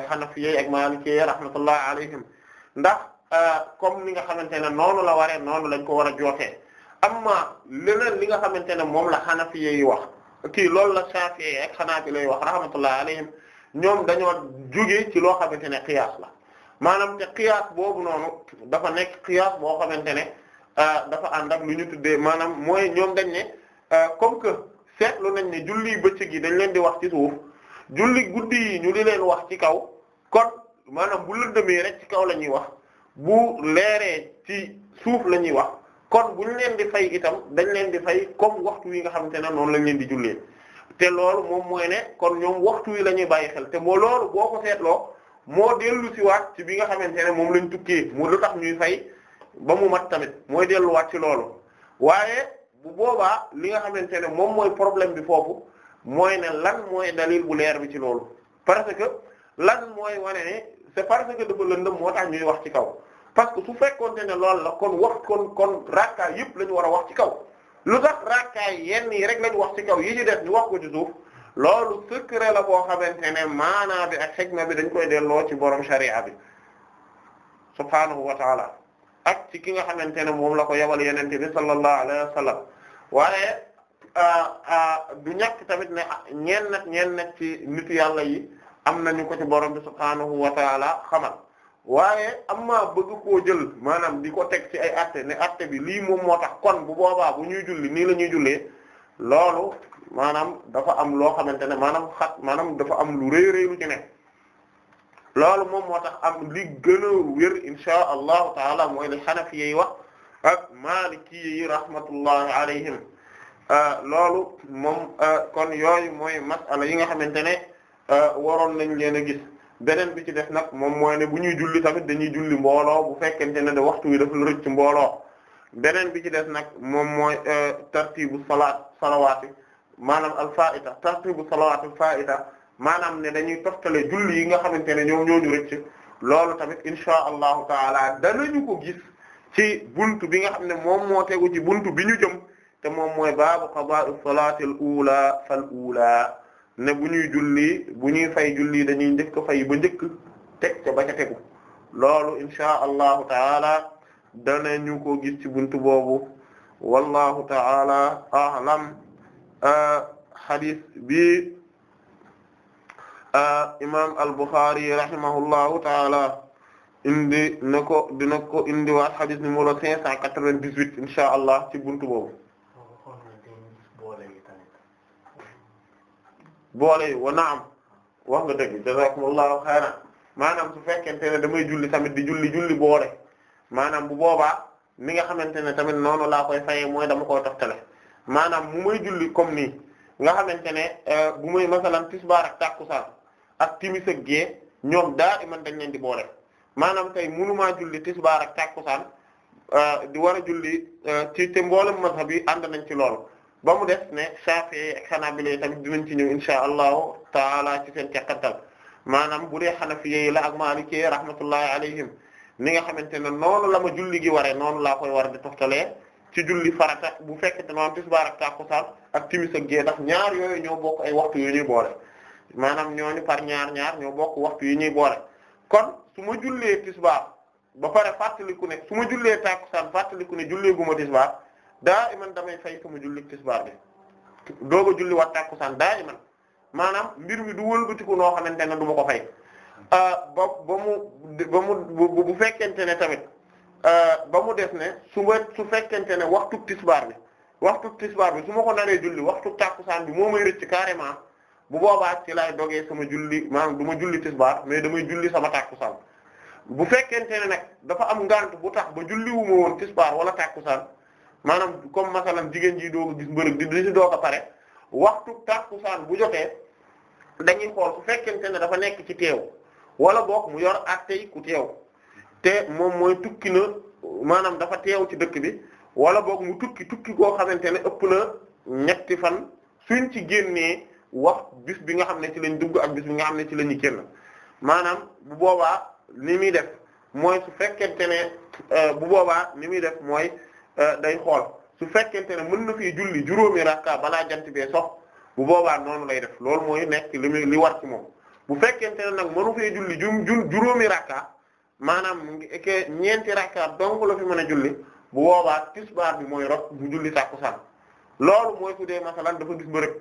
xanafiyey euh, ak maalikiyey rahmatullah alayhim ndax euh, comme li nga xamante ne noonu la waree noonu lañ ko war a jootee amma leneen li nga xamante ne moom la xanafiyey wax kii loolu la saafiye ak xanaabila lay wax rahmatullah alayhim ñoom dañoo jóge ci loo xamante ne qiyaas la maanaam te qiyaas boobu noonu dafa nekk qiyaas boo xamante ne Euh, dafa ànd ak lu ñu tuddee maanaam mooy ñoom dañ ne euh, comme que seetlu nañ ne julli bëccëg yi dañ leen di wax ci suuf julli guddi yi ñu di leen wax ci kaw kon maanaam bu lëndëmee rek ci kaw la ñuy wax bu leeree ci suuf la ñuy wax kon bu ñu leen di fay itam dañ leen di fay comme waxtu wi nga xamante ne noonu lañ leen di jullee te loolu moom mooy ne kon ñoom waxtu wi la ñuy bàyyi xel te moo loolu boo ko seetloo moo dellu siwaat ci bi nga xamante ne moom lañ tukkee mu lu tax ñuy fay ba mu mat tamit mooy delluwaat ci loolu waaye bu boobaa li nga xamante ne moom mooy problème bi foofu mooy ne lan mooy dalil bu leer bi ci loolu parce que lan mooy wane ne c'est parce que dafa lëndëm moo tax ñuy wax ci kaw parce que su fekkoonte ne loolu la kon wax kon kon rakkaay yëpp la ñu war a wax ci kaw lu tax rakkaay yenn yi rek la wax ci kaw yi ñu def ñu wax ko ci suuf loolu secret la boo xamante ne maanaa bi ak xikma bi dañ koy delloo ci borom sharia bi subhaanahu wa taala ak ci ki nga xamante ne moom la ko yabal yeneen bi sallallahu alayhi wa sallam waaye ah, ah, du ñàkk tamit ne ñeen nag ñeen ci nitu yàlla yi am nañu ko ci borom bi subhaanahu wa taala xamal waaye am amma bëgg koo jël maanaam di ko teg ci ay atte ne bi lii moom moo tax kon bu boobaa bu ñuy julli nii la ñuy jullee loolu maanaam dafa am loo xamante ne maanaam xat maanaam dafa am lu rëy rëy lu ci nekk loolu moom moo tax am li gën a wér inshaa taala mooy li xanafi yi wax ak maliki yi rahmatullahi alayhim euh, loolu moom euh, kon yooyu mooy masala yi nga xamante ne euh, waroon nañ leen a gis beneen bi ci def nag moom mooy ne bu ñuy julli tamit dañuy julli mbooloo bu fekkente ne da waxtu wi dafa la rëcc mbooloo beneen bi ci des nag moom mooy tartibu salaat salawaati maanaam al faa'ita tartibu salawaati al faa'ita maanaam ne dañuy toftale julli yi nga xamante ne ñoom ñoo ñu rëcc loolu tamit insha allahu taala danañu ko gis ci buntu bi nga xam ne moom moo tegu ci buntu bi ñu jëm te moom mooy baabu qada'u salati al ula fal ula ne bu ñuy julli bu ñuy fay julli dañuy njëkk fay ba njëkk teg ca ba tegu loolu insha allahu taala danañu ko gis ci buntu boobu wallahu taala a'lam euh, hadith bi Ah, imam al-Bukhari rahimahullahu taala indi na ko dina ko indiwaat hadith numéro cinq cent quatre-vingt-dix-huit insha allah ci buntu boobu boole yi wa naam wax nga dëgg jazakumullahu xayran maanaam su fekkente ne damay julli tamit di julli julli boole maanaam bu boobaa ni nga xamante ne tamit noonu laa koy fayee mooy dama koy toftale maanaam mu may julli comme nii nga xamante ne eh, bu may masalan tisbaar ak tàkkusaan ak timis ak ñoom daa iman dañ leen di boole maanaam tey munumaa julli tisbaar ak tàkkusaan euh, di war a julli euh, ci te mboolem mazhab yi ànd nañ ci loolu ba mu def ne Shafi'i ak Hanabila tamit dinañ ci ñëw insha allahu taala ci seen caqantal maanaam bu dee Hanafiyyi la ak Maliki rahmatullahi alayhim ni nga xamante ne noonu la ma julli gi waree noonu laa koy war di toftalee ci julli farata bu fekkte noonu tisbaar ak tàkkusaan ak timis ak gée ndax ñaar yooyu ñoo bokk ay waxtu yu ñuy boole maanaam ñooñu par ñaar ñaar ñoo bokk waxtu yi ñuy boole kon su ma jullee tisbaar ba pare fàttaliku ne su ma jullee tàkkusaan fàttaliku ne jullee gu ma tisbaar daa iman damay fay sama julli tisbaar bi doog a julli wat tàkkusaan daa maanaam mbir mi du wëlbatiku noo xamante ne du ko fay ah, ba ba mu ba mu bu fekkente ne tamit ah, ba mu def ne su ma su fekkente ne waxtu tisbaar bi waxtu tisbaar bi su ma ko naree julli waxtu tàkkusaan bi moo may rëcc carrément bu boobaat ci laay dogee sama julli maanaam du ma julli tisbaar mais damay julli sama tàkkusaan bu fekkente ne nag dafa am ngànt bu tax ba julliwuma wu ma woon tisbaar wala tàkkusaan maanaam comme masalan jigéen ji doo gis mbërëg di di doo ko pare waxtu tàkkusaan bu jotee dañuy xool su fekkente ne dafa nekk ci teew wala boog mu yor attey ku teew te moom mooy tukki na maanaam dafa teew ci dëkk bi wala boog mu tukki tukki koo xamante ne ëpp na ñetti fan suñ ci génnee wax bis bi nga xam ne ci lañ dugg ak bis bi nga xam ne ci la ñu génn maanaam bu boobaa ni muy def mooy su fekkente ne euh, bu boobaa ni muy def mooy euh, day xool su fekkente ne mën na fi julli juróomi rakka balaa jant bee sox bu boobaa noonu lay def loolu mooy nekk li muy li war ci moom bu fekkente ne nag mënu fee julli ju juróomi rakka maanaam ke ñeenti rakka donc la fi mën a julli bu boobaa tisbaar bi mooy rot bu julli tàkkusaan loolu mooy su dee masalan dafa gis ba rek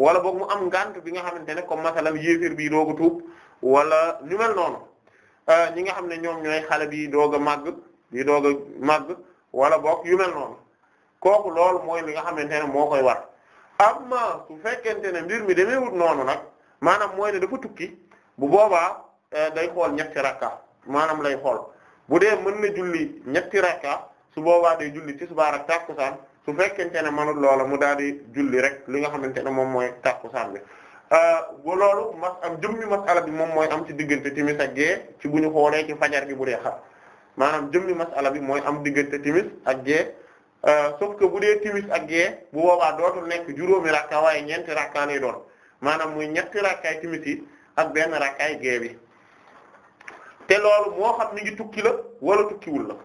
wala boog mu am ngant bi nga xamante ne comme masalam yéeféer bi doog a tuub wala ñu mel noonu euh, ñi nga xam ne ñoom ñooy xale bi doog a màgg bi doog a màgg wala boog yu mel noonu kooku loolu mooy li nga xamante ne moo koy war amma su fekkente ne mbir mi demeewut noonu nag maanaam mooy ne dafa tukki bu boobaa euh, day xool ñetti rakka maanaam lay xool bu dee mën na julli ñetti rakka su boobaa day julli tisbaar ak takkusaan su fekkente ne manul loola mu daal di julli rek li nga xamante ne moom mooy tàkkusaan bi ba euh, loolu mas am jëmmi masala bi moom mooy am ci diggante timis ak gée ci bu ñu xoolee ci fajar bu dee xar maanaam jëmmi masala bi mooy am diggante timis ak gée euh, sauf que bu dee timis ak gée bu boobaa dootul nekk juróomi rakka waaye ñeenti rakka lay maanaam muy ñetti rakkaay timis yi ak benn rakkaay gée bi loolu moo xam ni ngi tukki wala tukkiwul la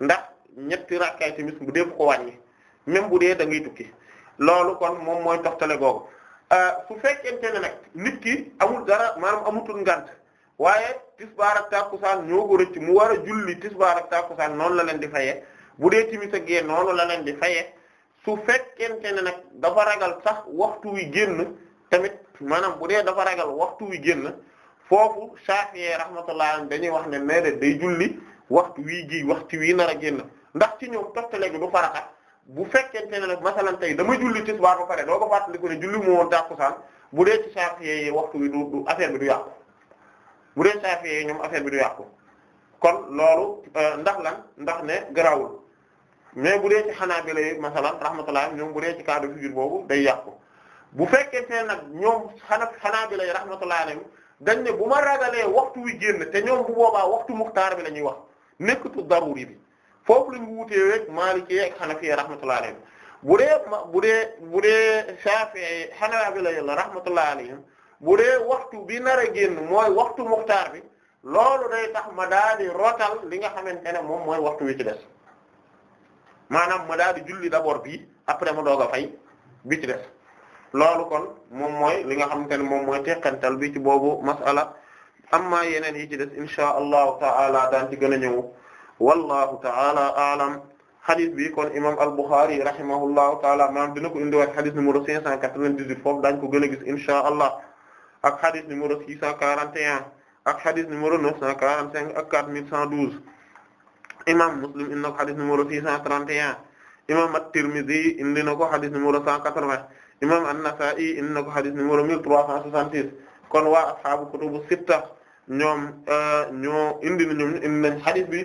ndax ñetti rakkaay timis bu dee ko wàññi même bu dee da ngay tukki loolu kon moom mooy toxtale googu euh, su fekkente ne nag nit ki amul dara maanaam amutul ngant waaye tisbaar ak tàkkusaan ñoo ko rëcc mu war a julli tisbaar ak tàkkusaan noonu la leen di fayee bu dee timis ak gee noonu la leen di fayee su fekkente ne nag dafa ragal sax waxtu wi génn tamit maanaam bu dee dafa ragal waxtu wi génn foofu Shafi'i rahmatullah dañuy wax ne nee day julli waxtu wii gi waxtu wi nar a génn ndax ci ñoom toftale gi du farata bu fekkee ne nag masalan tey dama julli tisbaar ba pare doo ko fàttaliku ne julli moo woon tàkkusaan bu dee ci Shafi'i waxtu bi du du affaire bi du yàqu bu dee ñoom affaire bi du yàqu kon loolu euh, ndax lan ndax ne garawul mais bu dee ci Hanabila yi masalan rahmatullah ñoom bu dee ci cadre figure boobu day yàqu bu fekkee ne nag ñoom xana Hanabila yi rahmatullah alayhim dañ ne bu ma ragalee waxtu wi génn te ñoom bu boobaa waxtu muxtaar bi la ñuy wax nekkatu daruri bi foofu lañ wuutee rek Maliki ak Hanafi rahmatullahi alayhim bu dee bu dee bu dee Shafi'i Hanabila yàlla rahmatullahi alayhim bu dee waxtu bi nara a génn mooy waxtu muxtaar bi loolu day tax ma daa di rotal li nga xamante ne moom mooy waxtu wi ci des maanaam ma daa julli d'abord bii après ma doog a fay bi des loolu kon moom mooy li nga xamante ne moom mooy teqantal bi ci boobu masala amma yeneen yi ci des insha allahu ta'ala daan ci gën a ñëw wallahu taala aalam xadis bi kon imam al-Bukhari rahimahullahu taala maanaam dina ko indiwaat xadis numéro 598 foofu daañu ko gën a gis insha allah ak xadis numéro 641 ak xadis numéro 945 ak 4112 imam Muslim indi na ko xadis numéro 631 imam at-Tirmidhi indi na ko xadis numéro 180 imam an-Nasa'i indi na ko xadis numéro 1366 kon waa ashaabu kutubu sitta ñoom euh, ñoo indi na ñoom indi nañ xadis bi.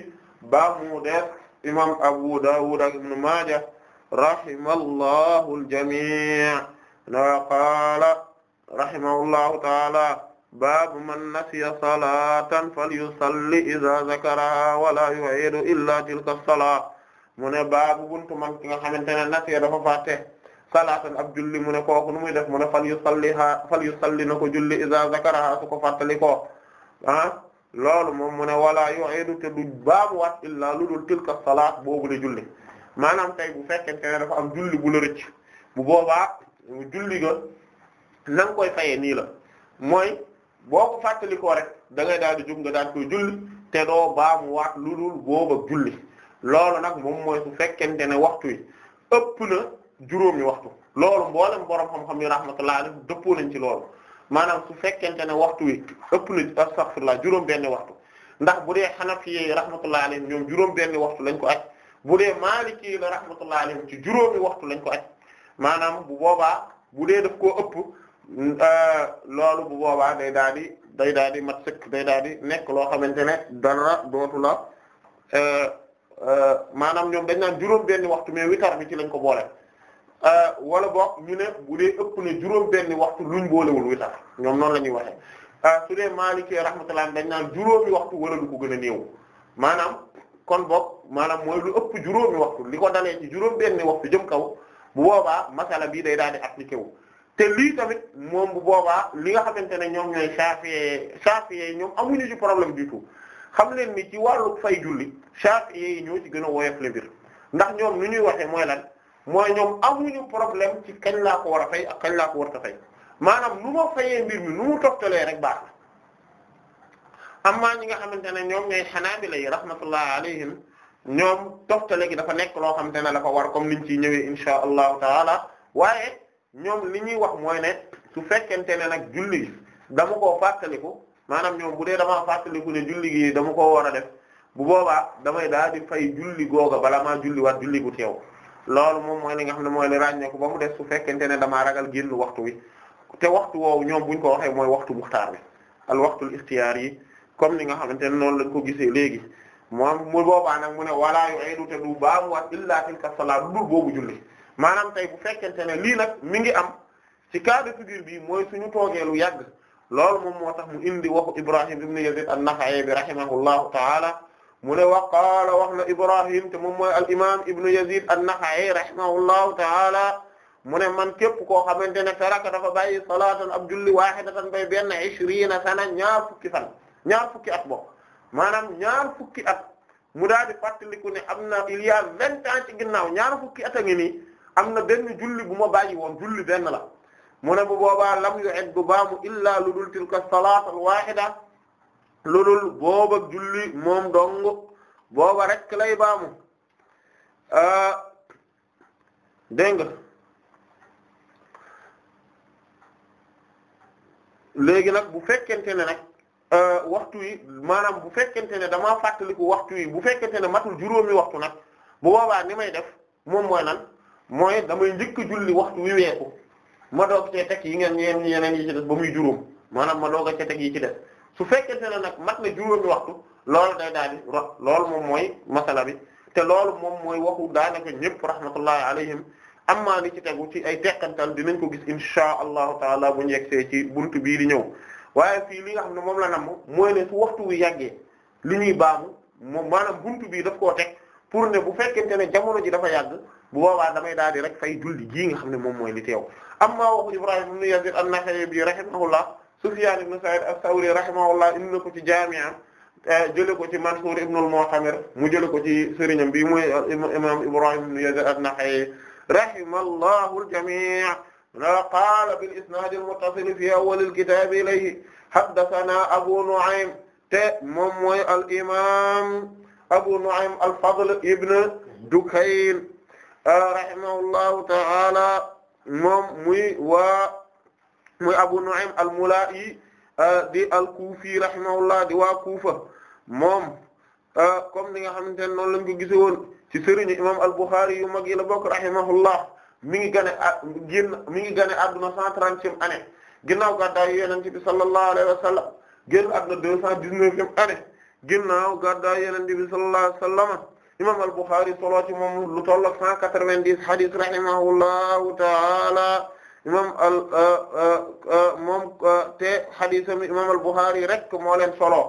ba mu def imam Abu Dawud ak Ibn Maaja rahimallahu al-jamii' na qaala rahimahullahu taala baabu man nasiya salatan falyusalli idha zakaraha wala yu'idu illa tilka as-salaa mu ne baabu buntu man ki nga xamante ne nasiya dafa fàtte salaatan ab julli mu ne kooku nu muy def mu ne fal yusalliha fal yusalli na ko julli idha zakaraha su ko fàttalikoo ah loolu moom mu ne wala yu'idu te du waat illaa lu dul tilka salaat boobu la julli maanaam tey bu fekkente ne dafa am julli bu la rëcc bu boobaa julli ga na koy fayee nii la mooy boo ko fàttalikoo rek da daal di jóg nga daal julli te doo baamuwaat lu dul booba julli loolu nag moom mooy su fekkente ne waxtu yi ëpp na juróomi waxtu loolu mboolem borom xam-xam yi rahmatullahi alayhi dëppoo lañ ci loolu. maanaam su fekkente ne waxtu wi ëpp na astaghfirullah juróom benni waxtu ndax bu dee xanafi yi rahmatullah alayhim ñoom juróom benni waxtu lañ ko aj bu dee maaliki yi la rahmatullah alayhim ci juróomi waxtu lañ ko aj maanaam bu boobaa bu dee daf koo ëpp euh, loolu bu boobaa day daal di day daal di mat sëkk day daal di nekk loo xamante ne dara dootu la euh, euh, maanaam ñoom dañ naan juróom benni waxtu wi witar bi ci lañ ko boole Euh, wala boog ñu ne bu dee ëpp na juróom benni waxtu luñ boolewul witar ñoom noonu la ñuy waxee euh, su dee Maalikee rahmatullah dañ naan juróomi waxtu wala lu ko gën a néew maanaam kon boog maanaam mooy lu ëpp juróomi waxtu li ko dalee ci juróom benni waxtu jëm kaw bu boobaa masala bii day daal di appliqué wu te lii tamit moom bu boobaa li nga xamante ne ñoom ñooy Shafi'i Shafi'i ñoom amuñu ci problème du tout xam leen ni ci wàllu fay julli Shafi'i yi ñoo gën a woyof le mbir ndax ñoom nu ñuy waxee mooy mooy ñoom amuñu problème ci kañ laa ko war a fay a kañ laa ko war a fay maanaam nu ma fayee mbir mi nu mu toftalee rek baax am amma ñi nga xamante ne ñoom ñooy Hanaabila yi rahmatullahi alayhim ñoom toftale gi dafa nekk loo xamante ne dafa war comme niñ ciy ñëwee insha allahu taala waaye ñoom li ñuy wax mooy ne su fekkente ne nag julli ko koo fàttaliku maanaam ñoom bu dee damaa fàttaliku ne julli gi dama koo war a def bu boobaa damay daal di fay julli googa bala maa julli waat julli gu loolu moom mooy li nga xam ne mooy li ràññee ko ba mu des su fekkente ne damaa ragal génn waxtu wi te waxtu woowu ñoom buñ ko waxee mooy waxtu muxtaar bi al waxtul ixtiyaar yi comme ni nga xamante ne noonu lañ ko gisee léegi moom mu boobaa nag mu ne walaa yu aydu te du baamuwaat illaa tilka salaat lu dul boobu julli maanaam tey bu fekkente ne lii nag mi ngi am ci cas de bi mooy suñu toogee lu yàgg loolu moom moo tax mu indi waxu Ibrahim ibn Yazid an-Nakha'i bi rahimahullahu ta'ala mu ne wa qaala wax na Ibrahim te moom mooy al imaam Ibn Yazid an-Nakha'i rahimahullahu ta'ala mu ne man képp koo xamante ne taraka dafa bàyyi salaatan ab julli waahidatan bay benn ishriina sana ñaar fukki fan ñaar fukki at bokk maanaam ñaar fukki at mu daal di fàttaliku ne am na il y a vingt ans ci ginnaaw ñaar fukki at a ngi nii am na benn julli bu ma bàyyi woon julli benn la mu ne bu boobaa lam yu'id bu baamu illaa lu dul tilka salaatal waahida loolul booba julli moom dong booba rek lay baamu ah, dégg nga léegi nag bu fekkente ne nag ah, waxtu yi maanaam bu fekkente ne damaa ku waxtu yi bu fekkente ne matul juróomi waxtu nag bu boobaa ni may def moom mooy lan mooy damay njëkk julli waxtu wi weeku ma doog cee teg yi ngeen ñeen yeneen yi ci des ba muy juróom maanaam ma doog a cee yi ci des su fekkente ne nag mat na juróomi waxtu loolu day daal di moom mooy masala bi te loolu moom mooy waxu daanaka ñëpp rahmatullahi alayhim amma li ci tegu ci ay tekkantal dinañ ko gis insha allahu taala bu njëgsee ci buntu bii di ñëw waaye fii li nga xam ne moom la namm mooy ne su waxtu wi yàggee li ñuy baamu moom maanaam buntu bii daf koo teg pour ne bu fekkente ne jamono ji dafa yàgg bu boobaa damay daal di rek fay julli jii nga xam ne moom mooy li teew amma waxu Ibrahim ibn Yazid an-Nakha'i bi rahimahullah Sufyaan ibn Sa'iid as-Sawri rahimahullah indi na ko ci jaami'am eh, jële ko ci Mansuur ibn al-Mu'tamir mu jële ko ci sëriñam bi mooy imam Ibrahim ibn Yaziid an-Nakha'i rahimallahu al-jamii' qaala bil-isnaad al-muttasil fi awwal al-kitaab ilayhi haddathanaa Abu Nu'aym te moom mooy al-imaam Abu Nu'aym al-Fadl ibn Dukayn eh, rahimahullahu ta'aala moom muy waa muy Abu Nu'aym al-Mula'i euh, di al-Kufi rahimahullah di waa Kufa moom euh, comme ni nga xamante ne noonu lañ ko gise woon ci sëriñu imam al-Bukhari yu mag yi la bokk rahimahullah mi ngi gane a génn mi ngi gane adduna cent trentième année ginnaaw gàddaayu yenente bi sallallahu alayhi wa sallam génn adduna deux cent dix-neuvième année ginnaaw gàddaayu yenente bi sallallahu alayhi wa sallam imam al-Bukhari soloo ci moom lu tollak cent quatre-vingt-dix hadith rahimahullahu ta'ala imam al moom te xadisam imam al Bukhari rek moo leen solo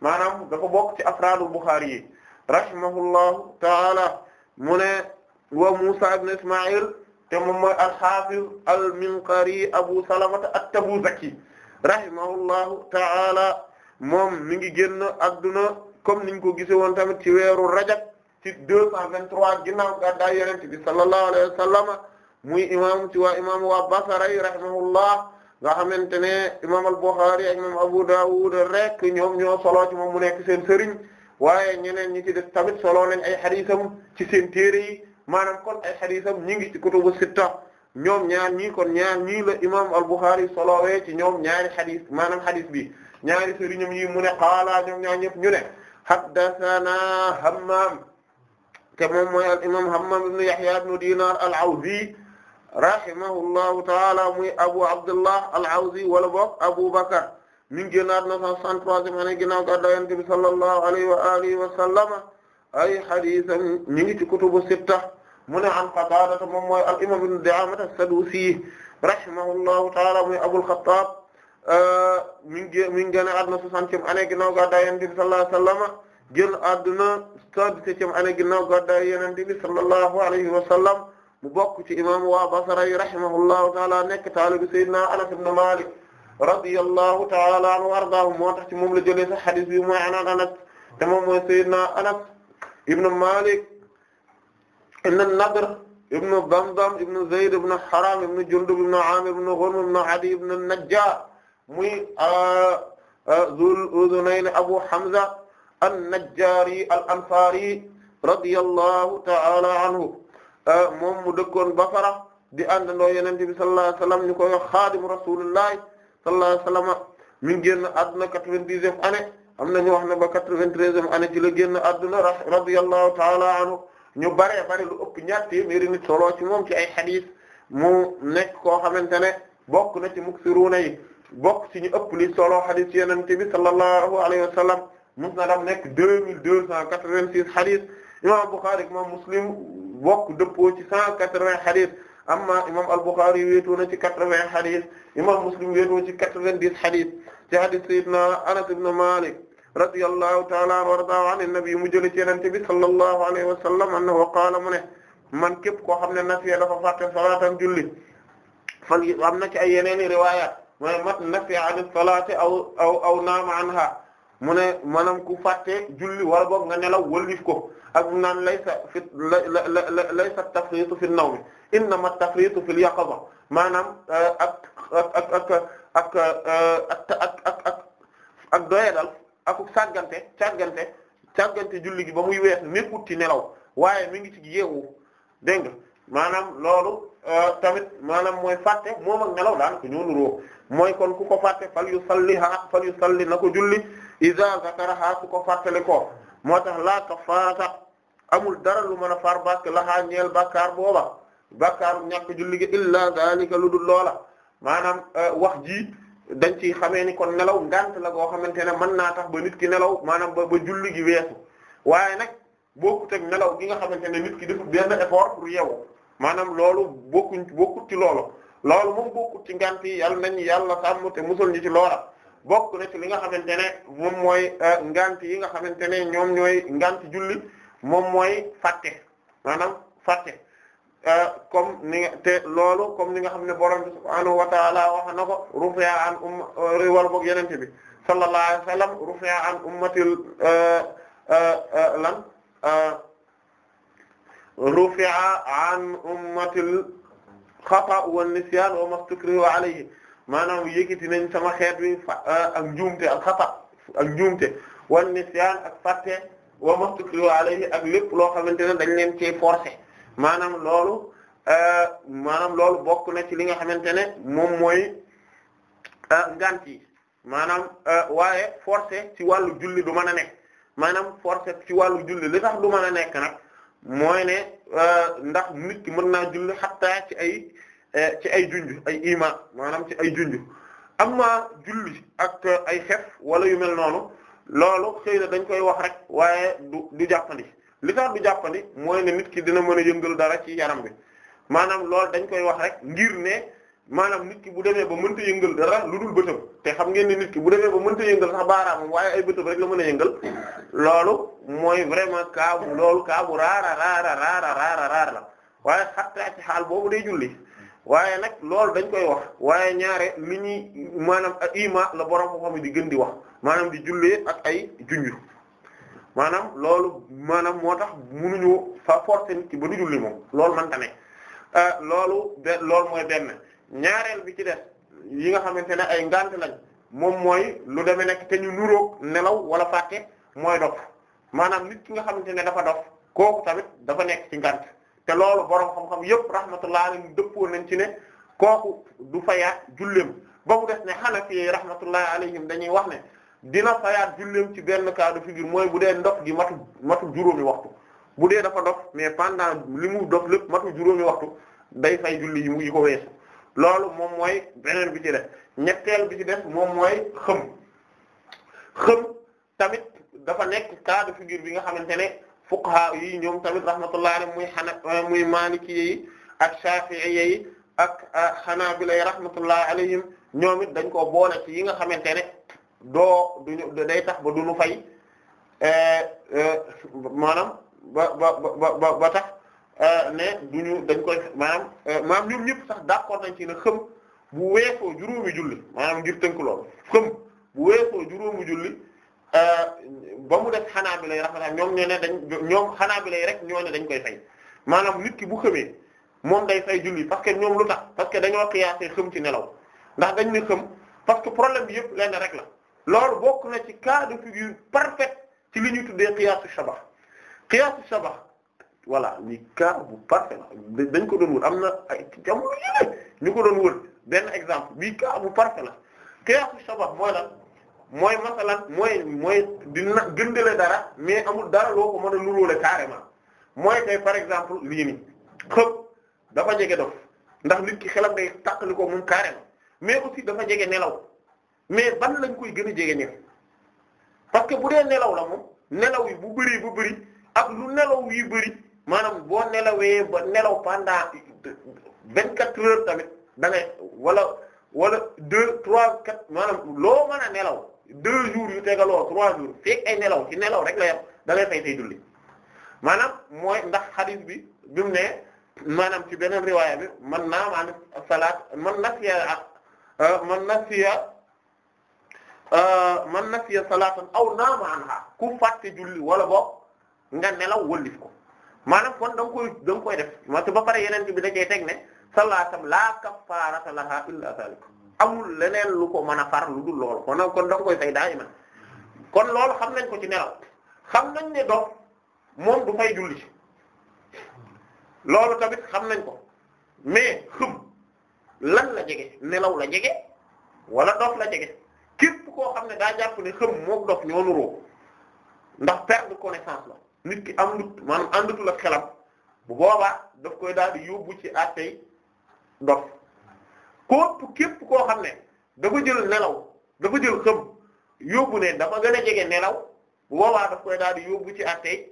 maanaam dafa bokk ci afraadul Bukhari yi rahimahullahu taala mu ne wa Musa ibn Isma'il te moom mooy al-Hafiz al-Minqari Abu Salamata at-Tabuzaki rahimahullahu taala moom mi ngi génn adduna comme niñ ko gisee woon tamit ci weeru rajab ci deux cent vingt-trois ginnaaw gàddaay Yonent bi sallallahu alayhi wa muy imam ci waa imam waa Basra rahimahullah nga xamante ne imam al-Bukhari ak imam Abu Dawud rek ñoom ñoo solo ci moom mu nekk seen sëriñ waaye ñeneen ñi ci def tamit solo nañ ay xadisam ci seen téere yi maanaam kon ay xadisam ñi ngi ci kutubu sitta ñoom ñaar ñii kon ñaar ñii la imam al-Bukhari solowee ci ñoom ñaari xadis maanaam xadis bi ñaari sëriñam yi mu ne qaala ñoom ñaar ñëpp ñu ne haddathana Hammam te moom mooy al imam Hammam ibn Yahya ibn Dinar al rahimahullahu taala muy abu abdullah al-Awzi wala boog abu bakar mi ngi génnaat neuf cent soixante-troisième année ginnaaw gàddaay Yonent bi sallallahu alayhi wa alihi wa sallama ay hadiisam ñu ngi ci kutubu sitta mu ne an Qataada moom mooy al-imaam ibn Di'aamata as-Sadusi rahimahullahu taala muy Abul Xattaab mi ngi mi ngi génnaat àdduna soixantième année ginnaaw gàddaay Yonent bi sallallahu alayhi wa sallama génn àdduna cent dix-septième année ginnaaw gàddaay Yonent bi sallallahu alayhi wa sallam mu bokk ci imaamu waa Basra yi rahimahullahu taala nekk taalibu Seydina Anas ibn Malik radiyallahu taala anhu wa ardaahu moo tax ci moom la jëlee sax xadis bi mooy anaan Anas te moom mooy Seydina Anas ibn Malik ibn Nadr ibn Damdam ibn Zayd ibn Haram ibn Jundub ibn Amir ibn Ghurm ibn Adi ibn Najjar muy ah, ah, Zul Uzunayn Abu Hamza an-Najjari al-Ansari radiyallahu taala anhu Ah, moom mu dëkkoon Basra di àndandoo Yonent bi sallallahu alayhi wasallam ñu koy wax xaadimu rasulillahi sallallahu alayhi wasallam mi ngi génn àdduna quatre-vingt-dixième année am na ñu wax na ba quatre-vingt-treizième année ci la génn àdduna radiyallahu ta'ala ñu baree bari lu ëpp ñaar téeméeri nit solo ci moom ci ay xadiis mu nekk koo xamante ne bokk na ci muksiruuna yi bokk ci ñu ëpp li solo xadiis Yonent bi sallallahu alayhi wasallam musnadam nekk deux mille deux cent quatre-vingt-six xadiis imaam Bukhari ak imaam Muslim bokk dëppoo ci cent quatre-vingts hadith amma imaam al-Bukhari wéetoo na ci quatre-vingts hadith imaam Muslim wéetoo ci quatre-vingt-dix hadith ci hadith sayyidina Anas ibn Malik radiyallahu ta'ala anhu wa radiya anhu nabi mu jëlee ci Yonent bi sallallahu alayhi wa sallam annahu qaala mu ne man képp koo xam ne nafiya dafa fàtte salaatan julli fan am na ci ay yeneen i riwaayaat mooy mat nafiya an salaati aw aw aw naama anha mu ne maanaam ku fàtte julli wala boog nga nelaw wëlbif ko ak mu naan laysa fi laysa tafriitu fi naw mi innama tafriitu fil yaqaza maanaam eh, ak ak ak eh, ak ak ak ak ak doyadal ak sàggante sàggante sàggante julli gi ba muy wees nekkut ci nelaw waaye mi ngi ci yeewu dégg nga maanaam loolu eh, tamit maanaam mooy fàtte moom ak nelaw daan ko ñoo nuroo mooy kon ku ko fàtte fal yusalliha fal yusalli na ko julli iza zakaraha su ko fàttali ko moo tax laa la tax amul dara lu mën a far bàkk laxaa ñeel bàkkaar booba bàkkaar ñàkk julli gi illa zalika lu dul loola maanaam euh, wax ji dañ ci xamee ni kon nelaw ngant la goo xamante ne mën naa tax ba nit ki nelaw maanaam ba ba julli gi weesu waaye nag bokkut ak nelaw gi nga xamante ne nit ki def benn effort pour yeewu maanaam loolu bokkuñ bokkut ci loolu loolu moom bokkut ci ngant yi yàlla nañ yàlla sàmm te musal ñu ci loola bokk na ci li nga xamante ne moom mooy euh, ngant yi nga xamante ne ñoom ñooy ngant julli moom mooy fàtte maanaam fàtte euh, comme ni nga te loolu comme ni nga xam ne boroon bi subhaanahu wa wax na ko rufi'a an umma euh, wala boog an ummatil lan rufi'a an ummatil xata wa nisyan maanaam yëkkati nañ sama xeet wi euh, ak njuumte ak xata ak njuumte wan nisyaan ak fàtte wa mastukriu alayhi ak lépp loo xamante ne dañ leen ci forcé maanaam loolu euh, maanaam loolu bokk na ci li nga xamante ne moom mooy euh, ngant yi maanaam waaye forcé ci wàllu julli du mën a nekk maanaam forcé ci wàllu julli li tax du mën a nekk nag mooy ne ndax nit ki mën naa julli xattaa ci ay E, ci ay junj ay ima maanaam ci ay junj amma julli ak ay xef wala yu mel noonu loolu xëy na dañ koy wax rek waaye du du jàppandi li tax du jàppandi mooy ne nit ki dina mën a yëngal dara ci yaram bi maanaam lool dañ koy wax rek ngir ne maanaam nit ki bu demee ba mënta yëngal dara lu dul bëtam te xam ngeen ni nit ki bu demee ba mënta yëngal sax baaraamam waaye ay bëtam rek la mën a yëngal loolu mooy vraiment kaabu loolu kaabu raara raara raara waaye xataa ci boobu day julli waaye nag loolu dañ koy wax waaye ñaare li ñuy maanaam ak ima la borom ko xam di gën di wax maanaam di jullee ak ay junj maanaam loolu maanaam moo tax munuñu fa forcer nit ki ba du julli moom loolu manta ne euh, loolu de loolu mooy benn ñaareel bi ci def yi nga xamante ne ay ngant lañ moom mooy lu demee nekk te ñu nuroog nelaw wala fàtte mooy dof maanaam nit ki nga xamante ne dafa dof kooku tamit dafa nekk ci ngant te loolu borom xam-xam yëpp rahmatullahi alayhim dëppoo nañ ci ne kooku du fayaat julleem ba mu des ne Hanafi rahmatullahi alayhim dañuy wax ne dina fayaat julleem ci benn kaadu de figure mooy bu dee ndox gi matu matu juróomi waxtu bu dee dafa dof mais pendant li mu dof lépp matu juróomi waxtu day fay julli yi mu yi ko weesu loolu moom mooy beneen bi ci def ñetteel bi ci def moom mooy xëm xëm tamit dafa nekk cas de figure bi nga xamante ne fuqaha yi ñoom tamit rahmatullahi alayhim muy xana muy maliki yi ak shafi'i yi ak xanaabila eh, yi rahmatullahi alayhim ñoom it dañ koo boole ci yi nga xamante ne doo day tax ba du duñu fay eh, eh, maanaam ba ba ba ba tax ne duñu dañ koy maanaam maanaam ñoom ñëpp sax d'accord nañ ci ne xëm bu weesoo juróomi julli maanaam ngir juróomi julli ba mu def Hanabila rahmatullah ñoom ñoo ne dañ ñoom Hanabila rek ñoo ne dañ koy fay maanaam nit ki bu xëmee moom day fay julli parce que ñoom lu tax parce que dañoo xiyaasee xëm ci nelaw ndax dañ ne xëm parce que problème bi yëpp lenn rek la loolu bokk na ci cas de figure parfait ci li ñuy tuddee xiyaasu shabax xiyaasu shabax voilà li cas bu parfait la dañ ko doon wër am na ay jamono ñu ko doon wër benn exemple bii cas bu la xiyaasu shabax mooy lan mooy masalan mooy mooy dina gëndale dara mais amul dara loo ko mën a nuróole carrément mooy tey par exemple lii nii xëpp dafa jege dof ndax nit ki xelam day tàqali ko moom carrément mais aussi dafa jege nelaw mais ban lañ koy gën a jege ñëw parce que bu dee nelaw la moom nelaw yi bu bëri bu bëri ak lu nelaw wii bëri maanaam boo nelawee ba nelaw pendant vingt quatre heures tamit da ngay wala wala deux trois quatre maanaam loo mën a nelaw deux jours yu tegaloo trois jours fekk ay nelaw ci nelaw rek la yem da lay fay say julli maanaam mooy ndax xadis bi bi ne maanaam ci beneen riwaaya bi man naam an salaat man nasiya euh, man nasiya euh, man nasiya aw naama anha ku fàtte julli wala boog nga nelaw wëllif ko maanaam kon da nga koy da nga koy def ma ba pare yeneen bi da cee teg ne salaatam la kaffaarata laha illa zalik amul leneen lu ko mën a far lu dul loolu kon kon da nga koy fay daay man kon loolu xam nañ ko ci nelaw xam nañ ne dox moom du fay julli loolu tamit xam nañ ko mais xëm lan la jege nelaw la jege walla dox la jege képp koo xam ne daa jàpp ne xëm mook dox ñoo nuroo ndax perte de connaissance la nit ki am man maanaam àndatul ak xelam bu boobaa daf koy daal di yóbbu ci àttey dox kooku képp koo xam ne dafa jël nelaw dafa jël xëm yóbbu ne dafa gën a jege nelaw bu boobaa daf koy daal di yóbbu ci àttee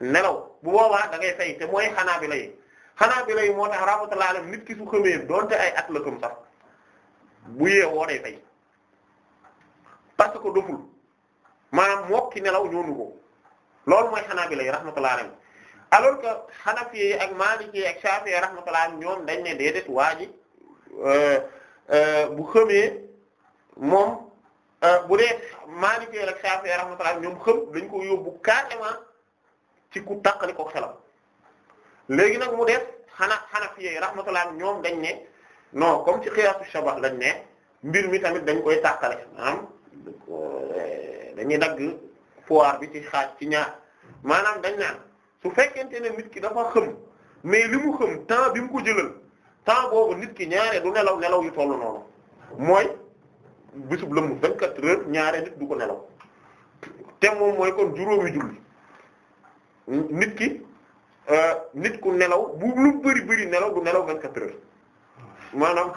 nelaw bu boobaa da ngay fay te mooy xanaa bi lay xanaa bi lay moo tax rahmatullahi alayhi nit ki su xëmee donte ay at la xëm sax bu yeewoo day fay parce que doful maanaam mokki nelaw ñoonu ko loolu mooy xanaa bi lay rahmatullahi alayhi alors que xanafi yi ak maliki yi ak shafi'i rahmatullahi alayhi ñoom dañ ne déedéet waa ji Euh, euh, bu xëmee moom euh, bu dee Maalikee rek Shafi'i rahmatullah ñoom xam dañ ko yóbbu carrément ci ku tàqali ko xelam léegi nag mu def xana Hanafiyye rahmatullah ñoom dañ ne no comme ci xiyaasu shabah dañ ne mbir mi tamit dañ koy tàqale maanaam dañuy dagg poire bi ci xaaj ci ñaar maanaam dañ naan su fekkente ne nit ki dafa xëm mais li mu xëm temps bi mu ko jëlal temps boobu nit ki ñaare du nelaw nelaw yu tollu noonu mooy bisub lëmm vingt-quatre heures ñaare nit du ko nelaw te moom mooy kon juróomi julli nit ki euh, nit ku nelaw bu lu bari bari nelaw du nelaw vingt-quatre heures maanaam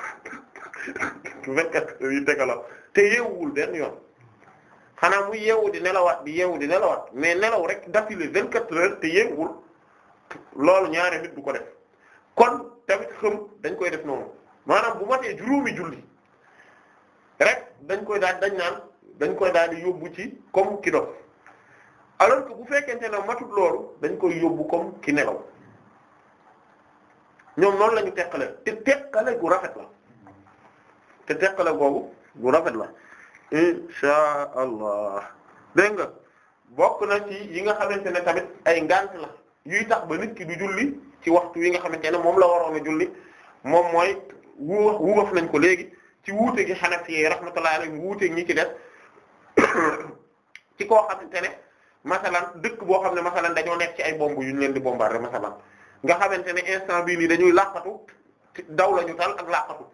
(laughs) vingt-quatre heures yu tegala te yeewul benn yoon xanaa muy yeewu di nelaw di di nelawaat mais nelaw rek d'affilée vingt-quatre heures te yeewul loolu ñaare nit du ko def kon tamit xëm dañ koy def noonu maanaam bu matee juróomi julli rek dañ koy daal dañ naan dañ koy daal di yóbbu ci comme ki dof alors que bu fekkente ne matut loolu dañ koy yóbbu comme ki nelaw ñoom noonu lañu ñu teqale te teqale gu rafet la te teqale googu gu rafet la insha allah dégg nga bokk na ci yi nga xamante ne tamit ay ngant la yuy tax ba nit ki du julli ci waxtu wi nga xamante ne moom la waroon a julli moom mooy wu wuwaf nañ ko léegi ci wuute gi xanafi yi rahmatullahi alayhi wuute ñi ci def (coughs) ci koo xamante ne masalan dëkk boo xam ne masalan dañoo nekk ci ay bomb yu ñu leen di bombarder masalan nga xamante ne instant bii nii dañuy làqatu daw la ñu tal ak làqatu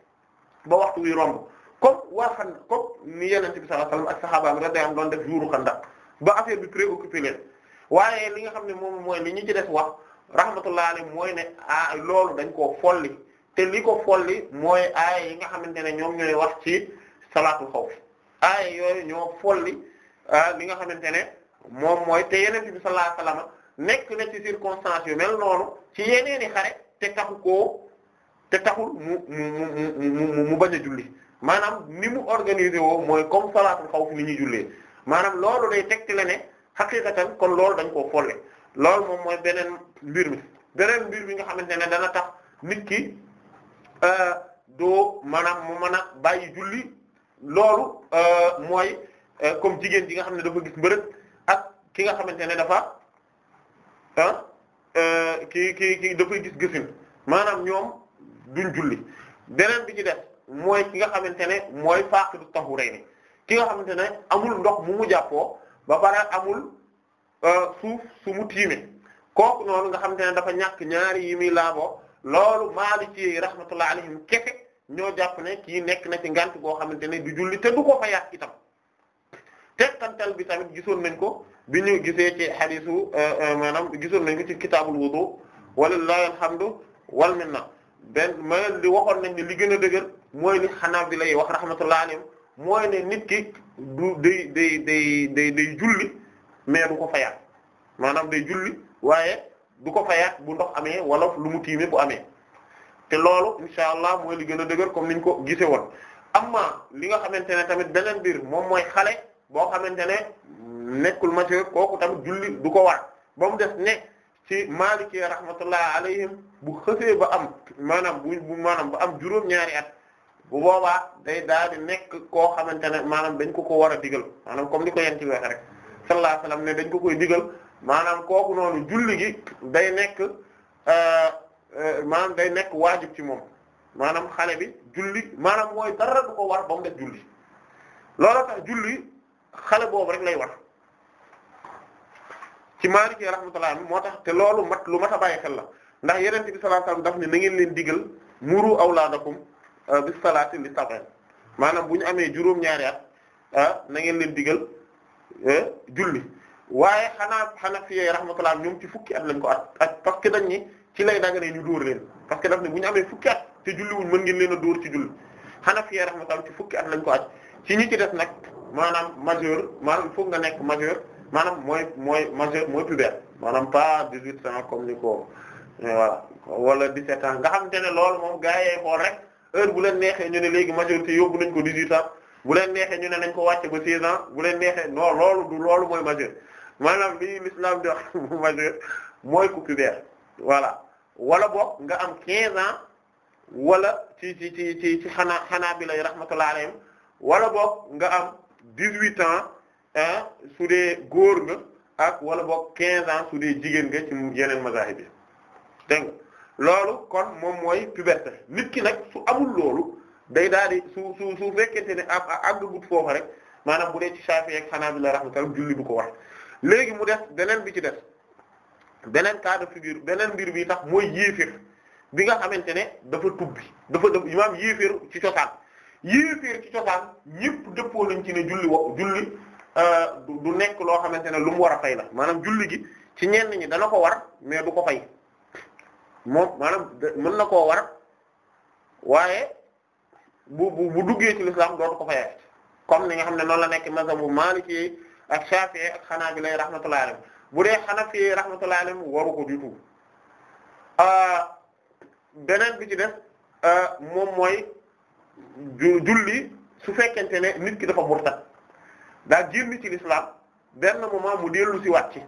ba waxtu wi romb comme waa xan comme ni yenente bi sallallahu alayhi wasallam ak sahabaam radiyallahu anhum doon def juuru xandak ba affaire bi préoccupé leen waaye li nga xam ne moom mooy li ñu ci def wax rahmatullah alayhi mooy ne ah loolu dañ koo folli te li ko folli mooy aaya yi nga xamante ne ñoom ñooy wax ci salaatul xawf aaya yooyu ñoo folli li nga xamante ne moom mooy te yeneen bi sallallahu alayhi wasallam nekk na ci circonstance yu mel noonu ci yeneeni xare te taxu ko te taxul mu mu mu mu bañ a julli maanaam ni mu organisé wo mooy comme salaatul xawf ni ñuy jullee maanaam loolu day tegti la ne xaqiiqatan kon loolu dañ koo folle loolu moom mooy beneen mbir mi beneen mbir mi nga xamante ne dana tax nit ki euh, doo maanaam mu mën a bàyyi julli loolu euh, mooy euh, comme jigéen ji nga xam ne dafa gis mbërëg ak ki nga xamante ne dafa ah ki ki ki dafay gis gësin maanaam ñoom duñ julli beneen bi ci def mooy ki nga xamante ne mooy faaqidu tahurayni ki nga xamante ne amul ndox mu mu jàppoo ba pare amul suuf euh, su mu tiime kooku noonu nga xam te ne dafa ñàkk ñaari yi muy laaboo loolu Maliki yi rahmatullahi alayhim keke ñoo jàpp ne kii nekk na ci ngant goo xam ne du julli te du ko fa yàq itam tekkantal bi tamit gisoon nañ ko bi ñu gisee ci hadisu euh, euh, maanaam gisoon nañ ko ci kitaabul wudu walillahi alhamdu wal minna benn ma li waxoon nañ ne li gën a dëgër mooy li Hanaabila yi wax rahmatullahi alayhim mooy ne nit ki du day day day day day julli mais du ko fayaat maanaam day julli waaye du ko fayaat bu ndox amee wala lu mu tiime bu amee te loolu insha allah mooy li gën a dëgër comme niñ ko gisee woon amma li nga xamante ne tamit beneen mbir moom mooy xale boo xamante ne nekkul majeur kooku tamit julli du ko war ba mu des ne ci Maliki rahmatullah alayhim bu xësee ba am maanaam bu bu maanaam ba am juróom-ñaari at bu boobaa day daal di nekk ko xamante ne maanaam dañ ko ko war a digal maanaam comme ni ko yent bi wax rek sallallahu alayhi ne dañ ko koy digal maanaam kooku noonu julli gi day nekk euh, euh, maanaam day nekk waajib ci moom maanaam xale bi julli maanaam mooy dara du ko war ba mu def julli loolu tax julli xale boobu rek lay war ci Maliki rahmatullah moo tax te loolu mat lu mat bàyyi xel la ndax Yonent bi sallallahu alayhi wasallam daf ne na ngeen leen digal muru awlaadakum euh, bis salaati li sab'in maanaam bu ñu amee juróom-ñaari at ngeen leen digal. Eh? julli waaye xanaa Hanafi yi rahmatullah ñoom ci fukki at lañ ko at ak parce que dañ ni ci lay dagg ne ñu dóor leen parce que daf ne bu ñu amee fukki at te julli wuñ mën ngeen leen a dóor ci julli Hanafi yi rahmatullah ci fukki at lañ ko at ci ñi ci def nag maanaam majeur maanaam il nga nekk majeur maanaam mooy mooy majeur mooy pubère maanaam pas 18 ans comme ni ko eh, voilà wala 17 ans nga xam te ne loolu moom gaa yee xool rek heure bu leen neexee ñu ne léegi majorité yóbbu nañ ko 18 ans. bu leen neexee ñu ne nañ ko wàcce bu 16 ans bu leen neexee loolu du loolu mooy majeur maanaam lii l'islam di wax (laughs) majeur mooy ku pubère voilà wala boog nga am 15 ans wala ci ci ci ci ci xanaa xanaa bi lay rahmatullah alayhim wala boog nga am 18 ans ah su dee góor nga ak wala boog 15 ans su dee jigéen nga ci yeneen mazahib bi dégg nga loolu kon moom mooy puberté nit ki nag su amul loolu. day daal di su su su fekkente ne ab àggagut foofa rek maanaam bu dee ci Shafi'i ak Hanabila rahmatullah julli du ko wax léegi mu def beneen bi ci def beneen cas de beneen mbir bi tax mooy yéeféer bi nga xamante ne dafa tubbi dafa def imaam yéeféer ci cosaan yéeféer ci cosaan ñëpp dëppoo lañ ci ne julli wo julli euh, du nekk loo xamante ne lu mu war a fay la maanaam julli gi ci ñenn ñi dana ko war mais du ko fay moom maanaam mën na koo war waaye bu bu bu duggee ci l'islam dootu ko fayee comme ni nga xam ne noonu la nekk mazhabu Maliki ak Shafi'i ak Hanabila rahmatullahi alayhim bu dee Hanafi rahmatullahi alayhim waru ko jutu ah, bi ci def ah, moom mooy julli su fekkente ne nit ki dafa murtad daa génn ci l'islam benn moment mu dellu si waat ci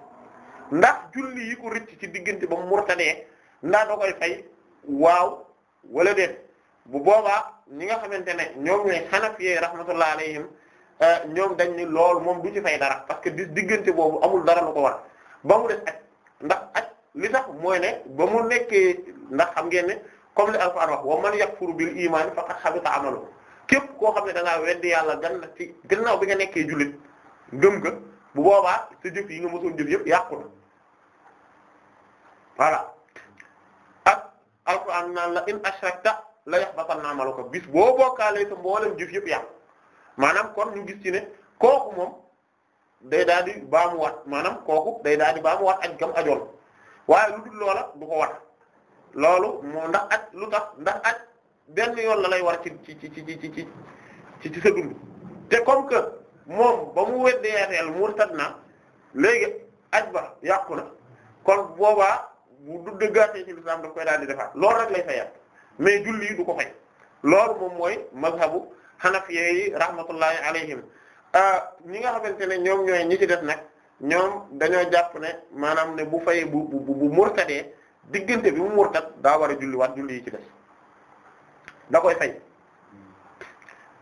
ndax julli yi ko rëcc ci diggante ba mu murtadee ndax da koy fay waaw wala déet bu boobaa ñi nga xamante ne ñoom ñooy xanafiyee rahmatullah alayhim euh, ñoom dañ ni loolu moom du ci fay dara parce que di diggante boobu amul dara lu ko war ba mu des ndax ak li tax mooy ne ba mu nekkee ndax xam ngeen ne comme li alquran wax wa man yakfur bil iman faqad habita amalu képp koo xam ne da ngaa weddi yàlla gan na ci gannaaw bi nga nekkee jullit gëm nga bu boobaa sa jëf yi nga mosoon jëf yëpp yàqu na voilà ak naan la in ashrakta la yahbatanna ko bis boo bokkaalee sa mboolem jëf yëpp yàqu maanaam kon ñu gis ci ne kooku moom day daal di wat maanaam kooku day daal di baamuwaat aj gam ajoon waaye lu dul loola du ko wat loolu moo ndax aj lu tax ndax aj benn yoon la lay war ci ci ci ci ci ci ci ci sa dund te comme que moom ba mu weddeeteel murtad na léegi aj ba yàqu na kon boobaa bu duggaatee ci lislaam daf koy daal di defaat loolu rek lay fayat mais julli yi du ko fay loolu moom mooy mazhabu xanafiya yi rahmatullahi alayhim euh, ñi nga xamante ne ñoom ñooy ñi ci def nag ñoom dañoo jàpp ne maanaam ne bu fay bu bu murtadee diggante bi mu murtat daa war a julli waat julli yi ci fay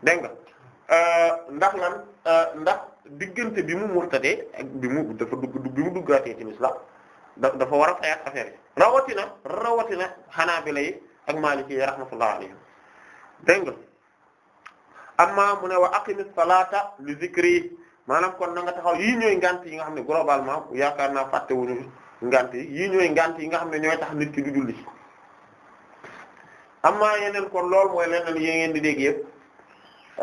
dégg nga euh, ndax lan euh, ndax diggante bi mu murtadee ak bi mu dafa dugg bi mu duggaatee ci lislaam dafa war a fayaat affaire yi rawatina rawatina xanaa bi lay ak Maliki rahmatullahi alayhim dégg nga amma mu ne wa aqimis salata li zikri maanaam kon na nga taxaw yii ñooy ngant yi nga xam ne globalement yaakaar naa fàtte wuñu ñu yi yii ñooy ngant yi nga xam ne ñooy tax nit ki du julli amma yeneen kon lool mooy leneen yi ngeen di dégg yëpp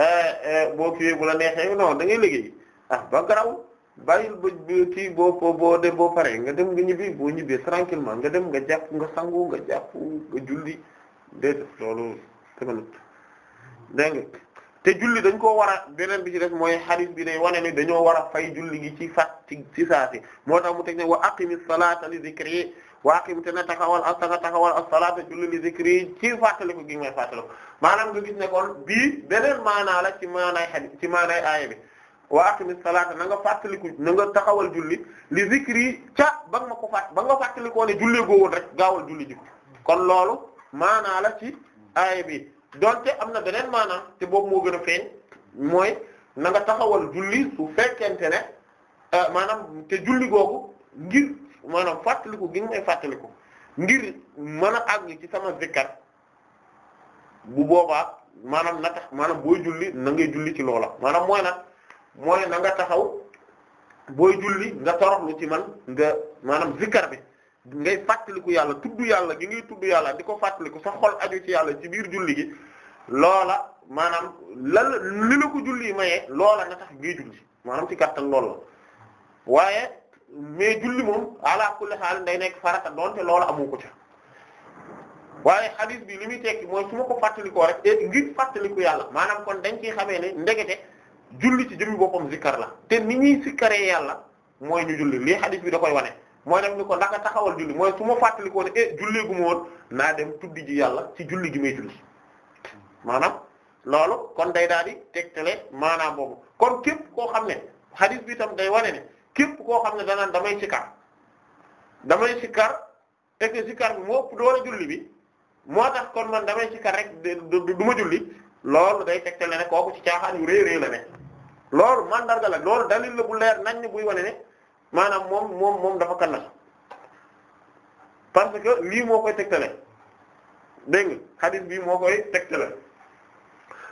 eh, eh, boo kiiwee bu la neexee non da ngay liggéey ah ba garaw bàyyil ba kii boo boo de boo paree nga dem nga ñibbi boo ñibbee tranquillement nga dem nga jàpp nga sangu nga jàpp nga julli loolu tamit nga te julli dañ koo war a beneen bi ci def mooy hadith bi day wane ne dañoo war a fay julli gi ci fat ci ci saasi moo tax mu teg ne wa aqimis salata li wa aqim te na taxawal as nga taxawal as-salata julli li zikri ci fàttaliku gi may fàttaliku maanaam nga gis ne kon bii beneen maanaa la ci maanaay hadith ci maanaay aaya bi wa aqimis salata na nga fàttaliku na nga taxawal julli li zikri ca ba nga ma ko fàtt ba nga fàttalikoo ne julli goowoon rek gaawal julli ji ko kon loolu maanaa la ci aaya bi donte am na beneen maanaa te boobu moo gën a feeñ mooy nanga taxawal julli su fekkente ne euh, maanaam te julli googu ngir maanaam fàttaliku gi nga may fàttaliku ngir mën a àgg ci sama zikkar bu boobaa maanaam na tax maanaam booy julli na ngay julli ci loola maanaam mooy nag mooy na nga taxaw booy julli nga toroxlu ci man nga maanaam zikkar bi ngay fàttaliku yàlla tudd yàlla gi ngay tudd yàlla di ko fàttaliku sa xol aju ci yàlla ci biir julli gi loola maanaam lan li la ko julli mayee loola nga tax ngay julli maanaam ci gàttal loolu la waaye mais julli moom ala kulli xaal day nekk farata doonte loola amu ko ca waaye hadith bi li muy tekki mooy su ma ko fàttalikoo rek et ngir fàttaliku yàlla maanaam kon dañ ciy xamee ne ndegete julli ci jëmmi boppam zikkar la te ni ñuy sikkaree yàlla mooy ñu julli lii hadith bi da mooy def ni ko naka taxawal julli mooy su ma fàttalikoo ne eh julli gu ma woon naa dem tuddi ji yàlla ci julli gi may julli maanaam loolu kon day daal di tegtale maanaam boobu kon képp koo xam ne hadith bi tam day wane ne képp koo xam ne danaan damay sikar damay sikar et que sikar bi moo ëpp doole julli bi moo tax kon man damay sikar rek du ma julli loolu day tegtale ne kooku ci caaxaan yu rëy rëy la ne loolu mandarga la loolu dalil la bu leer nañ buy wane maanaam moom moom moom dafa kannas parce que lii moo koy tegtale dégg nga xadis bii moo koy tegtale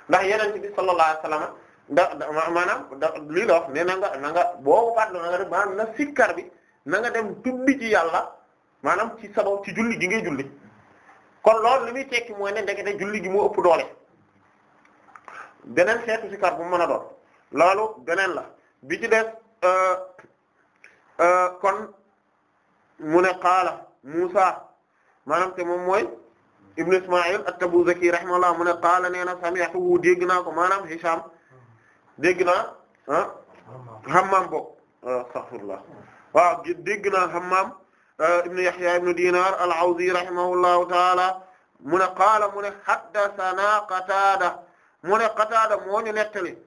ndax yeneen bi sallallahu alayhi wasallam ndax maanaam da lii la wax ne na nga na nga boobu fàttali na nga def maanaam na sikkar bi na dem tuddi ci yàlla maanaam ci sabab ci julli gi ngay julli kon loolu li muy tekki mooy ne ndekete julli gi moo ëpp doole beneen xeetu sikkar bu mën a doon loolu beneen la bi ci def euh, Euh, kon mu ne qaala Musa maanaam te moom mooy Ibn Isma'il at-Tabuzaki rahimahullah mu ne qaala nee na sami'tuhu dégg naa ko maanaam Hisham dégg naa ah Hammam bokk astaghfirullah waaw dégg naa Hammam euh, ibn Yahya ibn Dinar al-Awzi rahimahullahu taala mu ne qaala mu ne haddathana Qatada mu ne Qatada moo ñu nettali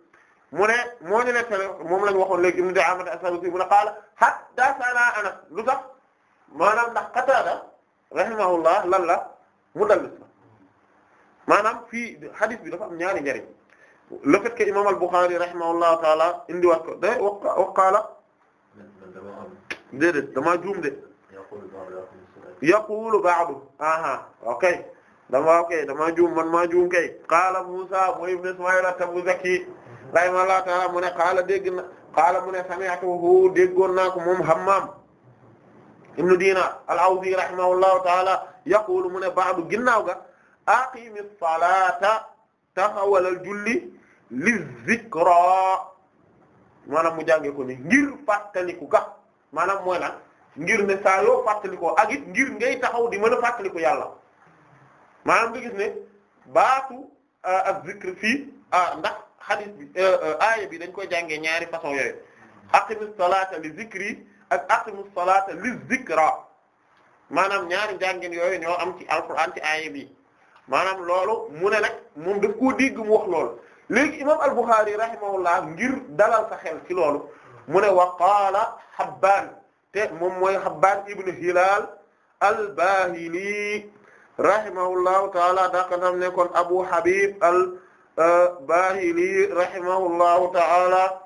mu ne moo ñu nettali moom lañ waxoon léegi ibn Di'aamat as-Saduusi mu ne qaala haddathanaa Anas lu tax maanaam ndax Qataada rahimahullah lan la mudallis la fii hadith bi dafa am ñaari njariñ le fait que imaam al-Bukhari rahimahullahu taala indi wax ko day de yaqulu ba'du aha okay dama okay juum man juum kay qaala Muusaa mooy ibn Ismaa'iil at-Tabuzaki rahimahullahu taala mu ne qaala dégg na qaala mu ne sami'tuhu déggoon naa ko moom Hammaam ibnu Diinaar al-Awdi rahimahullahu taala yaqulu mu ne ba'du ginnaaw ga aqimi salaata taxawalal julli li zikra maanaam mu jàngee ko ni ngir fàttaliku ga maanaam mooy lan ngir ne saa yoo fàttalikoo ak it ngir ngay taxaw di mën a fàttaliku yàlla maanaam nga ne baatu uh, ak zikr fii ah ndax xadis bi euh, euh, aaya bi dañ koy jàngee ñaari façon yooyu mm-hmm. a salata li zikri ak aqimus salata li zikra maanaam ñaari jàngeen yooyu ñoo am ci alquran ci aaya bi maanaam loolu mu ne nag moom daf koo dégg mu wax loolu léegi imam al-Bukhari rahimahullah ngir dalal sa xel ci loolu mu ne wa qaala Habbaan te moom mooy Habbaan ibn Hilaal al-Baahili rahimahullahu taala dakanam ne kon Abu Habib al Bahili rahimahullahu ta'ala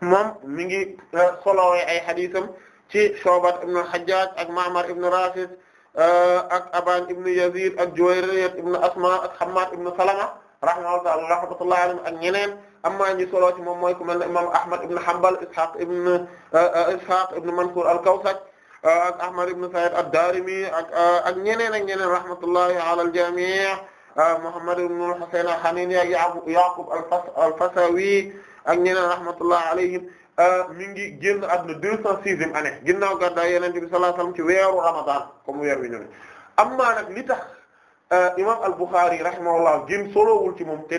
moom mi ngi uh, solowee ay hadisam ci Shu'bat ibn al-Hajjaj ak Ma'mar ibn Rashid uh, ak Aban ibn Yazid ak Juwayriyat ibn Asma ak Hammad ibn Salama rahimahullahu ta'ala rahmatullahi alayhim ak ñeneen amma ñi solo ci moom mooy ku mel ne imam Ahmad ibn Hanbal Ishaq ibn uh, Ishaq ibn Mansur al-Kawsaj ak Ahmad ibn Sa'id ad-Darimi ak ak ñeneen ak ñeneen rahmatullahi ala al-jami' Muhammad ibn al-Husayn al-Hanini ak Yaqub al-Fasawi ak ñeneen rahmatullah alayhim mi ngi génn àdduna deux cent sixième année ginnaaw gàddaay Yonent bi sallallahu alayhi wasallam ci weeru Ramadan comme weer wi ñu ne amma nag li tax imam al-Bukhari rahimahullah génn solowul ci moom te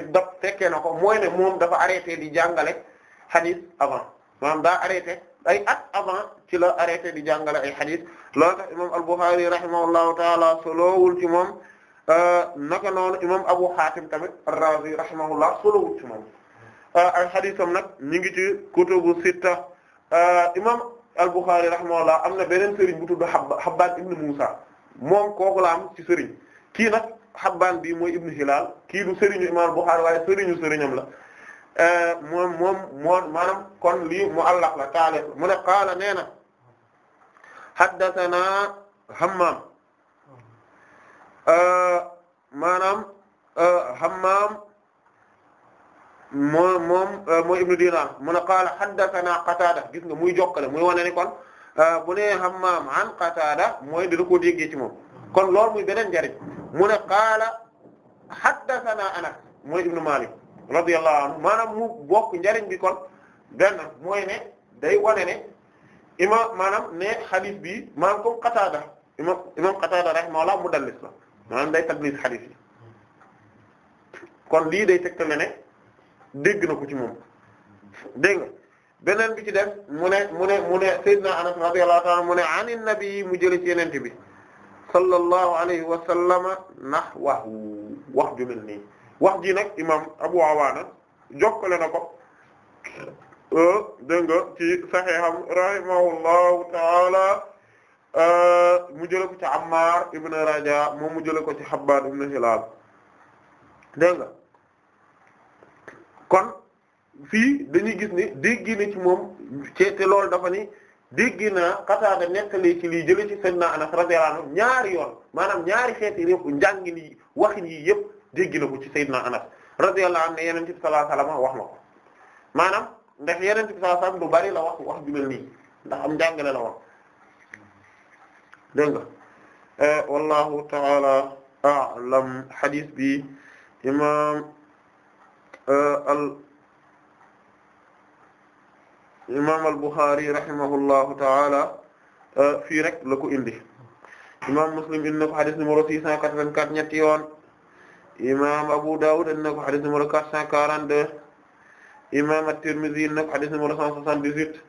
na ko mooy moom dafa arrêté di jàngale hadith avant maanaam daa arrêté ay at avant ci la arrêté di jàngale ay hadith loolu tax imam al-Bukhari rahimahullahu taala solowul ci moom Euh, naka noonu imam Abu Hatim tamit ar-Razi rahimahullah solo wut ci moom euh, ay xadisam nag ñu ngi ci kutubu sitta euh, imam al-Bukhari rahimahullah am na beneen sëriñ bu tudd Habba Habban ibn Musa moom kooku la am ci sëriñ kii nag Habban bi mooy ibn Hilal kii du sëriñu imam al-Bukhari waaye sëriñu sëriñam la moom moom moo kon lii mu mu'allaq la taale mu ne qaala nee na haddathana Hammam Euh, maanaam euh, Hammaam moo moom euh, mooy ibnu Dinar mu ne qaala haddathana Qataada gis nga muy jokkale muy wane ni kon bu nee an Qataada mooy dina ko déggee ci moom kon loolu muy beneen njariñ mu ne qaala haddathana Anas mooy ibnu Maalik radiyallahu anhu maanaam mu bokk njariñ bi kon benn mooy ne day wane ne imaam maanaam ne hadith bi maanaam comme Qataada imaam imaam Qataada rahimahullah mudallis la maanaam day tadlis xadiis yi kon lii day tegtale ne dégg na ko ci moom dégg nga beneen bi ci def mu ne mu ne mu ne Seydina Anas radiyallahu ta'ala mu ne ani nabi mu jële ci yenente bi sallallahu alayhi wa sallama nahwahu wax ju mel nii wax ji nag imam Abu Awaana jokkale na ko euh, dégg nga ci saxiixam rahimahullahu ta'ala Euh, mu jële ko ci Ammar ibn Raja moom mu jële ko ci Habban ibn Hilal dégg nga kon fii dañuy gis ni dégg na ci moom ci te loolu dafa ni dégg naa Qataada nettali ci lii jële ci Seydina Anas radiyallahu anhu ñaari yoon maanaam ñaari xeeti réef njàngin yi waxin yi yëpp dégg na ko ci Seydina Anas radiyallahu anhu ne Yonent bi sallallahu alayhi wasallam wax na ko maanaam ndax yeneen bi sallallahu alayhi wasallam bari la wax wax ju mel nii ndax am njàngale la wax dégg nga eh, wallahu taala a'lam xadis bi imam eh, al imam al Bukhari rahimahullahu taala eh, fii rek la ko indi imam Muslim indi na ko xadis numéro 684 ñetti yoon imam Abu Dawud indi na ko xadis numéro 442 imam at-Tirmidhi indi na ko xadis numéro 178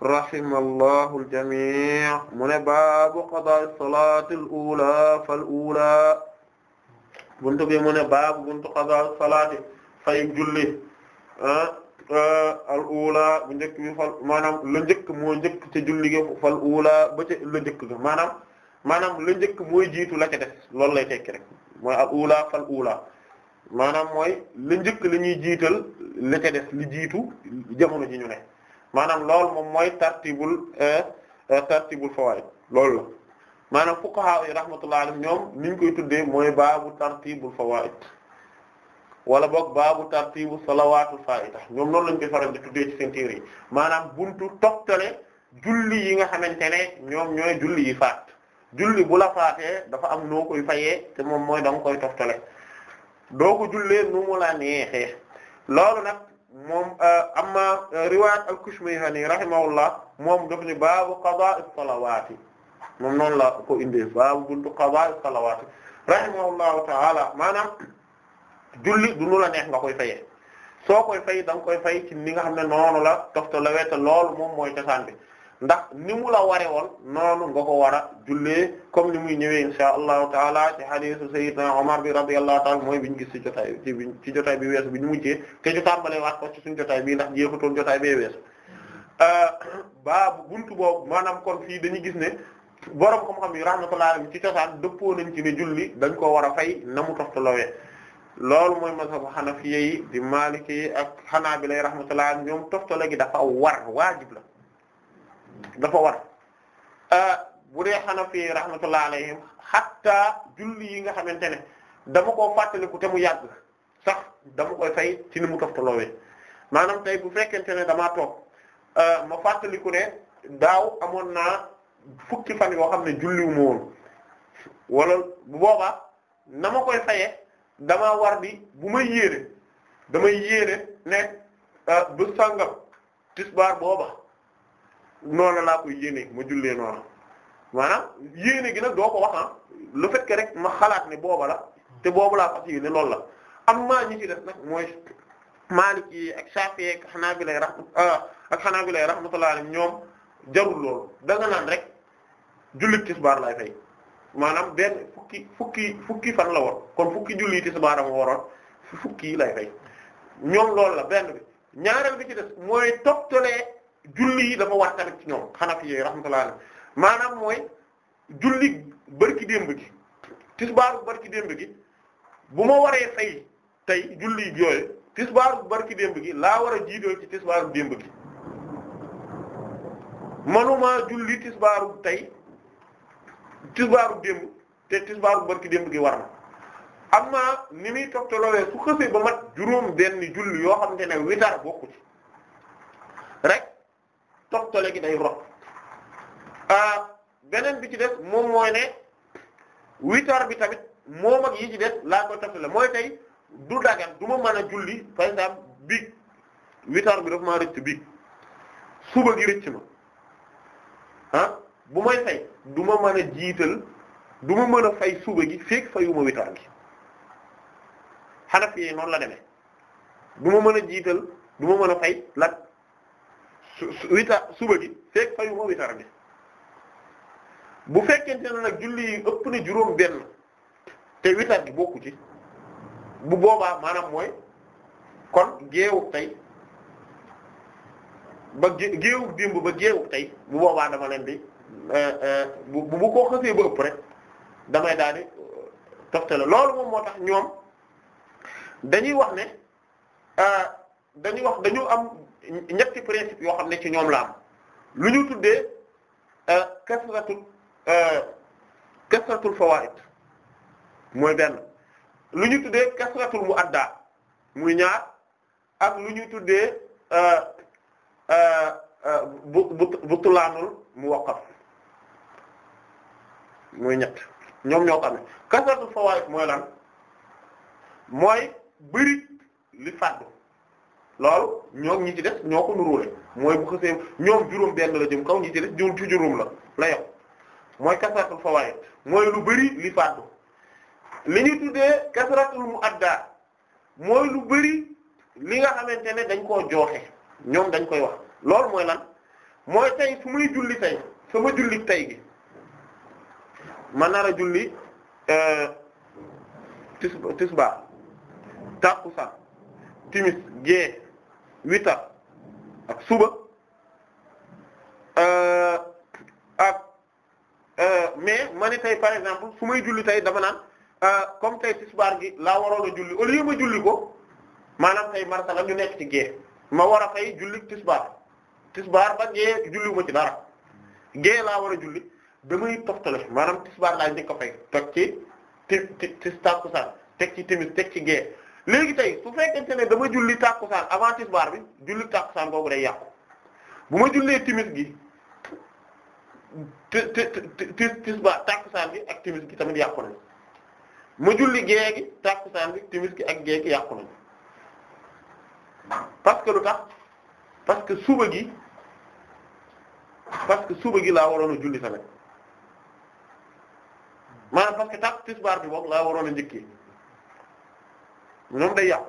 rahimallahu al-jamii' mu ne baabu qadaa as-salaati buntu bi mu ne baabu buntu qadaa as fay julli ah, ah, al-uulaa bu njëkk bi fal maanaam la njëkk moo njëkk ca julli ga fal-uulaa ba ca la njëkk ga maanaam maanaam la njëkk mooy jiitu la ca des loolu lay tekki rek mooy al-uulaa fal-uulaa maanaam mooy la la ñuy jiital la ca li jiitu jamono ji ñu ne. maanaam loolu moom mooy tartibul euh, euh, tartibul fawaid loolu la ka fuqaha yi rahmatullah alayhim ñoom niñ koy tuddee mooy baabu tartibul fawaid wala boog baabu tartibu salawaatul faida ñoom noonu lañ koy faral di tuddee ci seen téere yi maanaam buntu julli yi nga xamante ne ñoom ñooy julli yi faat julli bu la faatee dafa am noo koy fayee te moom mooy da koy toftale doo ko jullee nu mu la neexee loolu nag moom euh, amma euh, riwaayat al-Kushmayhani rahimahullah moom daf ni baabu qadaa'i salawaati moom noonu la ko indee baabu buntu qadaa'i salawaati rahimahullahu ta'ala maanaam julli du nu la neex nga koy fayee soo koy fay da nga koy fay ci ni nga xam ne noonu la toftalawee te loolu moom mooy cosaan bi ndax ni mu la ware woon noonu nga ko war a jullee comme ni muy ñëwee insha allahu taala ci hadisu sayyidina Umar bi radiyallahu taala mooy biñu gis ci jotaay ci bi ci jotaay bi weesu bi ñu mujjee te ñu tàmbalee waat ko ci suñu jotaay bi ndax jeexutoon jotaay bee weesu euh, baa buntu boobu maanaam kon fii dañu gis ne borom kom xam yi rahmatullahi alayhi ci cosaan dëppoo nañ ci ne julli dañ ko war a fay na mu toftalowee loolu mooy mazhab Hanafi yi di Maliki yi ak Hanabila rahmatullahi alayhi ñoom toftale gi dafa war waajib la dafa war euh, bu dee Hanafi rahmatullah alayhim hatta julli yi nga xamante ne dama ko fàttaliku te mu yàgg sax dama koy fay ci ni mu toftaloowe maanaam tey bu fekkente ne damaa toog euh, ma fàttaliku ne daaw amoon naa fukki fan yoo xam ne julliwu ma woon wala bu boobaa na koy fayee dama war di bu may yéene damay yéene ne euh, bu sàngam tisbaar booba noonu laa koy yéene ma jullee noonu maanaam yéene gi nag doo ko wax lu ah, le rek ma xalaat ne booba la te boobu laa fas yéene loolu la am maa ñi ci def nag mooy Maalik yi ak Shaafi'i ak Hanaabila rahma euh, ak Hanaabila laa alayhim ñoom jarul loolu da naan rek jullit tisbaar laay fay maanaam benn fukki fukki fukki fan la woon kon fukki julli tisbaar am waroon fukki yi lay fay ñoom loolu la benn bi ñaareel bi ci def mooy toptalee. julli yi dafa war tamit ci ñoom Hanafi yi rahmatullah alayhi maanaam mooy julli bërki démb gi tisbaaru barki démb gi bu ma waree fay tey julli yooyu tisbaaru barki démb gi laa war a jiidoo ci tisbaaru démb gi manuma julli tisbaaru tey tisbaaru démb te tisbaaru barki démb gi war na amma ni muy togtalowee su xësee ba mat juróom benn julli yoo xam ne witar bokku ci rek toftale gi day rot ah, beneen bi ci des moom mooy ne witar bi tamit moom ak yi ci des laa koy toftale mooy tey du dagan du ma mën a julli par exemple biig witar bi dafa maa rëcc biig suba gi rëcc ma ah bu may fay du ma a jiital du ma mën a fay suba gi fekk fayuma witar gi xanaa fi noonu la deme du ma mën a jiital duma ma mën a fay lat wita suba gi fekk fayu ma witar bi bu fekkente ne nag julli ëpp na juróom benn te witar gi bokku ci bu boobaa maanaam mooy kon géewug tey ba géewug démb ba géewug tey bu boobaa dama leen bi euh, euh, bu bu ko xasee ba ëpp rek damay daal di euh, loolu moom moo tax ñoom dañuy wax ne dañu wax dañu am ñetti principe yoo xam ne ci ñoom la am lu ñu tuddee euh, kasratul euh, kasratul fawaid mooy benn lu ñu tuddee kasratul muadda muy ñaar ak lu ñu tuddee euh, bu bu butulaanul muwaqqaf muy ñett ñoom ñoo ko amee kasratul fawaid mooy lan mooy bëri li fàddu loolu ñoo ñi ci def ñoo ko nuróole mooy bu xasee ñoom juróom benn la jëm kaw ñi ci def ci juróom la la yow mooy kasratul fawaid mooy lu bari li faatu li ñu tuddee kasratul muadda mooy lu bari li nga xamante ne dañ koo jooxe ñoom dañ koy wax loolu mooy lan mooy tey su muy julli tey sama julli tey gi ma nar a julli euh, tis tisba takusa timis gée witar ak suba euh, ak euh, mais ma ni tey par exemple su may julli tey dama naan euh, comme tey tisbaar gi laa waroon a julli au lieu ma julli ko maanaam tey marsala ñu nekk ci gée ma war a fay julli tisbaar tisbaar ba gée julliwuma ci dara gée laa war a julli damay toftale maanaam tisbaar laa njëkk a fay teg ci ti ti tis tàkkusaan teg timis teg ci gée léegi tey su fekkente ne dama julli tàkkusaan avant tisbaar bi julli tàkkusaan boobu day yàqu bu ma jullee timis gi te tisbaar tàkkusaan bi ak timis gi tamit yàqu nañ ma julli gée gi tàkkusaan bi timis gi ak gée gi yàqu nañ parce que lu tax parce que suba gi parce que suba gi laa waroon a julli tamit maanaam parce que tax tisbaar bi boog laa waroon a njëkkee moom day yàqu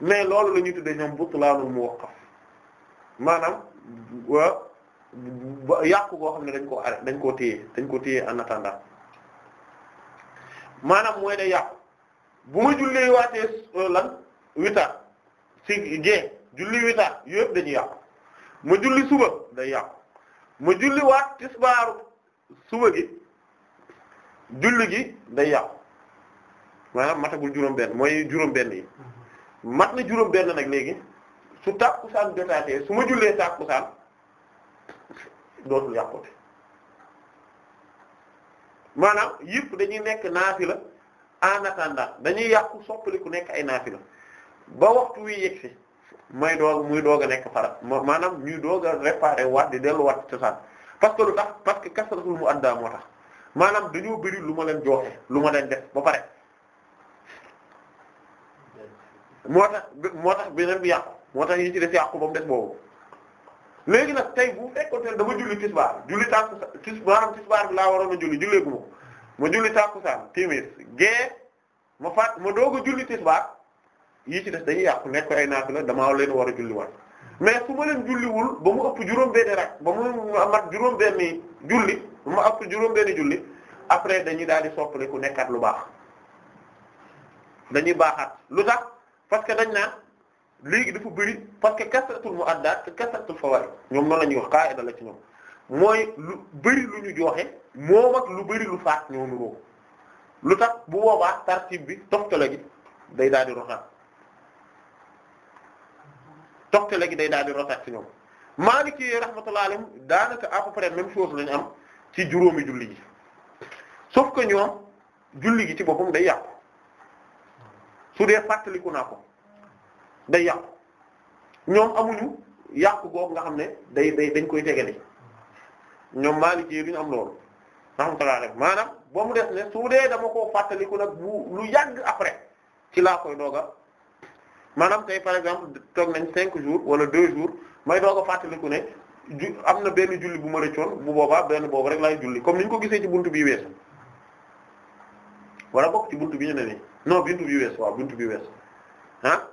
mais loolu la ñuy tuddee ñoom butlaanul muwaqqaf maanaam ba yàqu goo xam ne dañ koo arrêté dañ koo téye dañ ko téye en attendant maanaam mooy day yàqu bu ma jullee waatee euh, lan witar si gée julli witar yëpp dañuy yàqu ma julli suba day yàqu ma julli waat tisbaaru suba gi julli gi da yàqu maanaam matagul juróom-benn mooy juróom-benn yi mat na juróom-benn nag léegi su tàkkusaan jotaatee su ma jullee tàkkusaan dootul yàqute maanaam yëpp dañuy nekk naafila en attendant dañuy yàqu ku nekk ay naafila ba waxtu wi yegsi may doog muy doog a nekk farat maanaam ñuy doog a réparer waat di delluwaat ci cosaan parce que lu tax parce que kasaratul mu addaa moo tax maanaam dañoo bëri lu ma leen joxe lu ma leen def ba pare moo tax moo tax beneen bi yàqu moo tax yi ci def yàqu ba mu des boobu léegi nag tey bu fekkoon te dama julli tisbaar julli tàkkusaan tis maanaam tisbaar bi laa waroon na julli julleegu ma ma julli tàkkusaan timis gée ma faat ma doog a julli tisbaar yii ci des dañuy yàqu nekk ay naaf la dama leen war a julli waat mais su ma leen julliwul ba mu ëpp juróom-benni rek ba mu mat juróom-benni julli ba mu ëpp juróom-benni julli après dañuy daal di soppali ku nekkat lu baax parce que dañ naa léegi dafa bëri parce que kasratul mu'addaat te kasratul fawaa'id ñoom noonu la ñuy wax qaa'ida la ci ñoom mooy lu bëri lu ñu joxe moom ak lu bari lu faat ñoo nuroo lu tax bu boobaa tartib bi toftale gi day daal di rotaat toftale gi day daal di rotaat ci ñoom Maaliki rahmatullahi alayhim daanaka à peu près même chose lañu am ci juróomi julli gi sauf que ñoom julli gi ci boppam day yàqu. su dee fàttaliku naa ko day yàqu ñoom amuñu yàqu googu nga xam ne day day dañ koy tegale ñoom Maliki duñu am loolu rahmatullah rek maanaam ba mu des ne su dee dama koo fàttaliku nag bu lu yàgg après ci laa koy dooga maanaam tey par exemple toog nañ cinq jours wala deux jours may doog a fàttaliku ne ju am na benn julli bu ma rëccoon bu boobaa benn boobu rek laay julli comme ni ko gisee ci buntu bii weesu wala bokk ci buntu bi ñu ne nii non buntu bi wees waaw buntu bi wees ah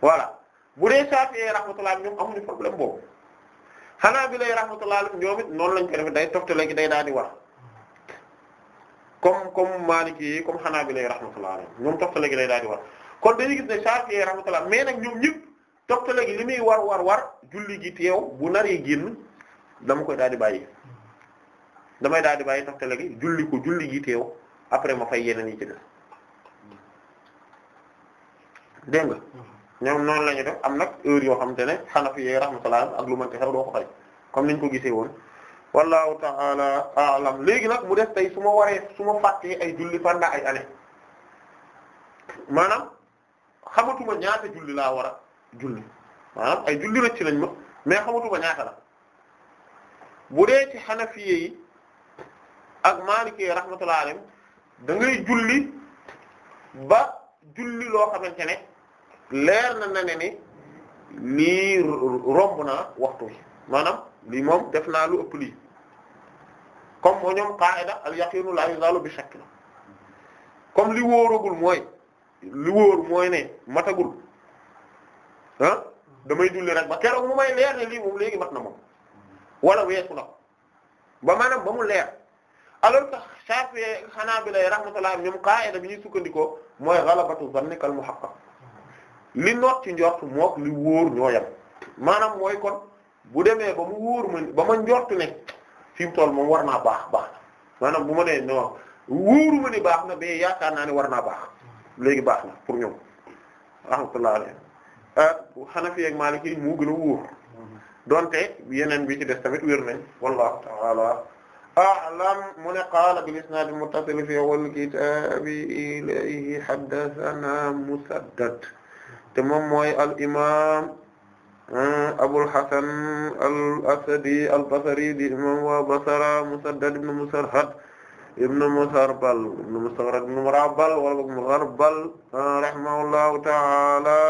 voilà bu dee Shafi'i rahmatullah ñoom amuñu problème boobu xanaa bi lay rahmatullah ñoom it noonu lañ ko day toftale gi day daal di war comme comme Maliki yi comme xanaa bi lay rahmatullah ñoom toftale gi day daal di war kon dañuy gis ne Shafi'i rahmatullah mais nag ñoom ñëpp toftale gi li muy war war war julli gi teew bu naree génn dama koy daal di bàyyi. damay daal di bàyyi toftale gi julli ko julli gi teew après ma fay yeneen yi ci def nga mm-hmm. ñoom noonu la def am nag heure yoo xamante ne Hanafi yi rahmatullah ak lu mënti xew doo ko fay comme niñ ko gisee woon wallahu ta'ala a'lam léegi nag mu def tey su ma waree su ma fàttee ay julli pendant ay années maanaam xamatuma ñaata julli laa war a julli maanaam ay julli ci nañ ma mais xamatuma ñaata la bu dee ci Hanafi yi ak Maliki rahmatullahi alayhim da dangay julli ba julli loo xamante ne leer na na ni lii romb na waxtu wi maanaam lii moom def naa lu ëpp lii comme moo ñoom qaida al yaqinu la yuzalu bi shakk la comme li wóoragul mooy li wóor mooy ne matagul ah damay julli rek ba keroog mu may leer ne lii moom léegi mat na moom wala weesu na ba maanaam ba mu leer alors que Shafi'i Hanabila rahmatullah ñoom qaida bi ñuy sukkandikoo mooy ghalabatu zanni kal muhaqqaq li noot ci njort mook li wóor ñoo yem maanaam mooy kon bu demee ba mu wóor ma ba ma njort ne fi mu toll moom war naa baax baax maanaam bu ma nee non wóoru ma ni baax na ba yaakaar naa ne war naa baax léegi baax na pour ñoom rahmatullah alayhi euh, Hanafi ak Maliki moo gën a wóor mm-hmm. donte yeneen bii ci des tamit wér nañ wallahu ta'ala a'lam mu ne qaala bil isnaad al muttasil fi awwal kitaab ilayhi haddathana musaddad te moom mooy al imaam Abul Hasan al Asadi al Basri di imaam waa Basra Musaddad ibn Musarhad ibn Musarbal ibn Musarhad ibn Murabal wala Mugharbal rahimahullahu ta'ala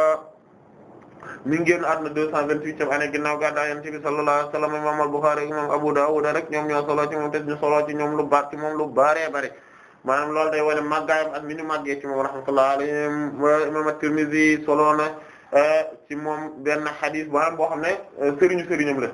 mi ngi génn àdduna deux cent vingt-huitième année ginnaaw gàddaay Yonent bi sallallahu alayhi wa sallam imam al-Bukhari imam rek ñoom ñoo solo ci moom te ñu solo ci ñoom lu baat ci moom lu bare bare maanaam loolu day wane màggaayam ak mi ñu màggee ci moom rahmatullah alayhim imam at-Tirmidhi solo na euh, ci moom benn xadis bu am boo xam ne euh, sëriñu sëriñam la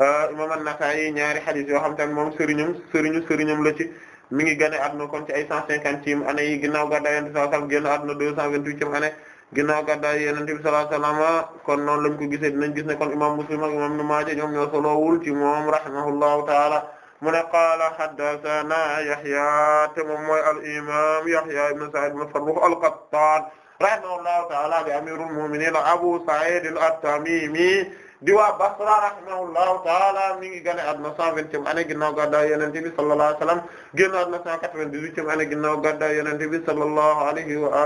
euh, imam a nasai ñaari xadis yoo xam te moom sëriñam sëriñu sëriñam la ci mi ngi gane àdduna kon ci ay cent ginnaaw gàddaay Yonent bi sallallahu alayhi wa sallam génn àdduna deux cent vingt-huitième année ginnaaw gàddaay yonent bi sallallahu alayhi kon noonu lañ ko gisee dinañ gis ne kon imam Muslim a imam Ibn Maaja ñoom ñoo solowul ci moom rahimahullahu taala mu ne qaala haddathana Yahya te moom mooy al imam Yahya ibn Sa'id ibn Farrukh al-Qattan rahimahullahu taala bi amirul mu'minin Abu Sa'id at-Tamimi di waa Basra rahimahullahu taala mi ngi gane àdduna 120e année ginnaaw gàddaay sallallahu alayhi wa sallam génn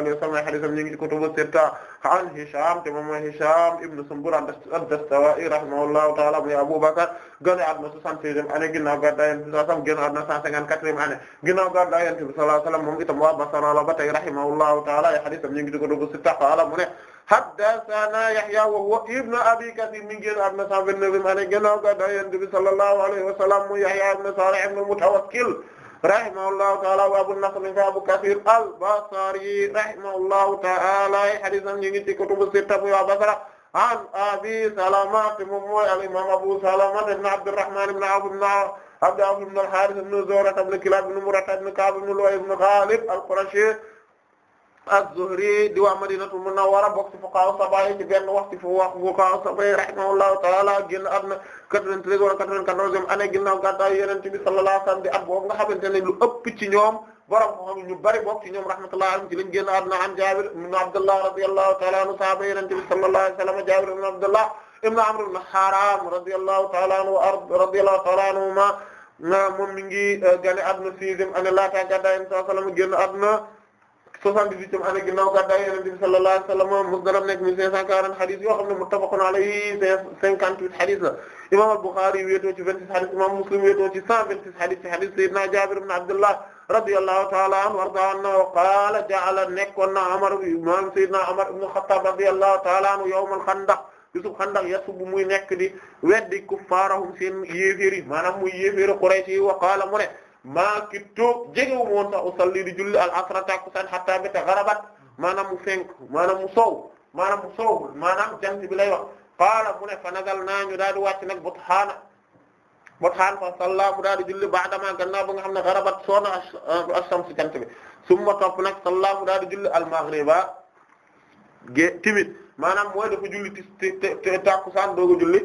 àdduna ngi ci kutubu sitta an Hisham te moom mooy Hisham ibn Sumbur ad-Dastuwaa'i rahimahullahu taala muy Abu Bakr gane àdduna 66e année ginnaaw gàddaay Yonent bi sallallahu alayhi wa sallam génn àdduna 154e année ginnaaw gàddaay Yonent waa Basra la ba tey rahimahullahu taala ay hadiisam ñu ngi ci kutubu sitta qaala mu ne haddathana Yahya wa huwa ibn Abi Kathir mi ngi génn àdduna 129 ane gannaaw gàddaay Yonent bi sallallahu alayhi wa sallam mu Yahya ibn Salih ibn Mutawakkil rahimahullahu ta'ala wa Abu Nasr ibn Abu Kathir al-Basri rahimahullahu ta'ala ay hadiisam ñu ngi ci kutubu sitta wa Basra an Abi Salama moom mooy al-imam Abu Salama ibn Abdurrahman ibn Awf ibn Abd Awf ibn al-Harith ibn Zuhra ibn Kilab ibn Murrah ibn Ka'b ibn Lu'ay ibn Ghalib al-Qurashi az-Zuhri di waa Madinatul Munawwara bokk ci fuqaha sab'a ci benn wax ci fu wax fuqaha sab'a rahimahullahu ta'ala génn at na 93 wala 94e année ginnaaw gàddaay Yonent bi sallallahu alayhi wasallam di at nga xamante ne lu ëpp ci ñoom borom xam ñu bari bokk ci ñoom rahmatullahi alayhim ci lañ génn at na am Jaabir ibn Abdullah radiyallahu ta'ala anhu sahaba Yonent bi sallallahu alayhi wasallam Jaabir ibn Abdullah ibn Amr ibn Haram radiyallahu ta'ala na 6e année laata gàddaay Yonent sallallahu alayhi wasallam 78e année ginnaaw gàddaay Yonent bi sallallahu alayhi wa sallam Musnadam nekk 1540 hadith yoo xam ne muttafaqun alayhi 58 hadith la imam al-Bukhari wéetoo ci 26 hadith imam Muslim wéetoo ci 126 hadith ci hadith Sayyidina Jabir ibn Abdullah radiyallahu ta'ala anhu warda anna wa qaala ja'ala nekkoon na Umar imam Sayyidina Umar ibn al-Khattab radiyallahu ta'ala anhu yawm al-Khandaq bisub Khandaq yasubbu muy nekk di weddi kuffaarahum seen yéeféeri maanaam muy yéeféeri Quraysh wa qaala mu ne maa kittu jegewu moon sax usalli di julli al asra takusaan hatta bata gharabat maanaam mu fenk maanaam mu soow maanaam mu soowul maanaam jant bi lay wax qaala mu ne fa nazal naa ñu daal di wàcc nag Buthaana Buthaan fa salla mu daal di julli ba'dama gannaaw ba nga xam ne gharabat soona ash-shamsu euh, jant bi summa topp nag salla mu daal di julli al-maghriba ge timis maanaam mooy dafa julli ti takusaan dooga julli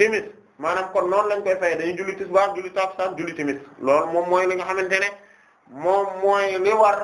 timis maanaam kon noonu lañ koy fay dañuy julli tisbaar julli takkusaan julli timis loolu moom mooy li nga xamante ne moom mooy li war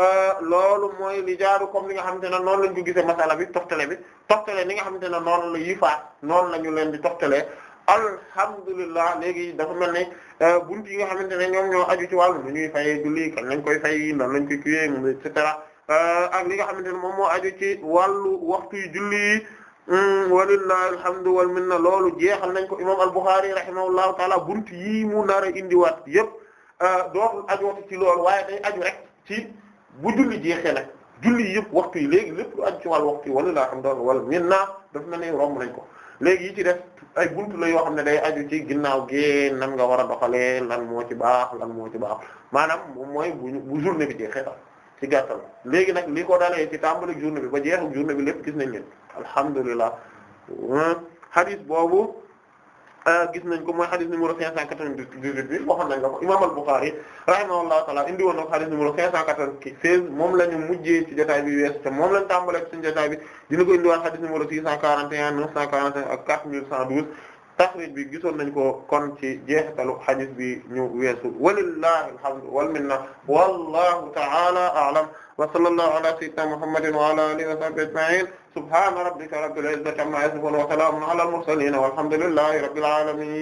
euh, lool mooy li jaaru comme li nga xamante ne noonu lañ ko gisee masala bi toftale bi toftale ni nga xamante ne noonu la yi faat noonu la ñu leen di toftalee alhamdulilah léegi dafa mel ni euh, buntu yi nga xamante ne ñoom ñoo aju ci wàllu nu ñuy fayee julli kan lañ koy fay nan lañ koy kiiwee et cetera euh, ak li nga xamante ne moom moo aju ci wàllu waxtu yu julli Mm, walillahi alhamdu wal minna loolu jeexal nañ ko imam al-Bukhari rahimahullahu taala buntu yii mu nar a indiwaat yëpp euh, dootul ajooti ci loolu waaye day aju rek ci bu julli jeexee nag julli yëpp waxtu yi léegi lépp lu aju ci wàllu waxtu yi walillahi alhamdu wal minna daf na ne romb nañ ko léegi yi ci def ay buntu la yoo xam ne day aju ci ginnaaw gee nan nga war a doxalee lan moo ci baax lan moo ci baax maanaam moom mooy bu bu journée bi jeexee sax ci gàttal léegi nag li ko dalee ci tàmbali journée bi ba jeexu journée bi lépp gis nañ leen alhamdulilah hadis boobu euh, gis nañ ko mooy hadis numéro 598 bi waxoon nañ la ko imaam al-Bukhari rahimahullahu taala indi woon na ko hadis numéro 596 moom la ñu ci jotaay bi weesu te moom lañ tàmbalee ci suñu jotaay bi dina ko indiwaat hadis numéro 641 945 ak 4112 taxrij bi gisoon nañ ko kon ci jeexitalu xadis bi ñu weesu walillahi alhamdu wal minna wallahu ta'ala a'lam wa sallallahu ala sayyidina muhammadin wa ala alihi wa sahbihi ajma'in subhana rabbika rabbil izzati amma yasifun wa salamun ala al mursalin walhamdulillahi rabbil alamin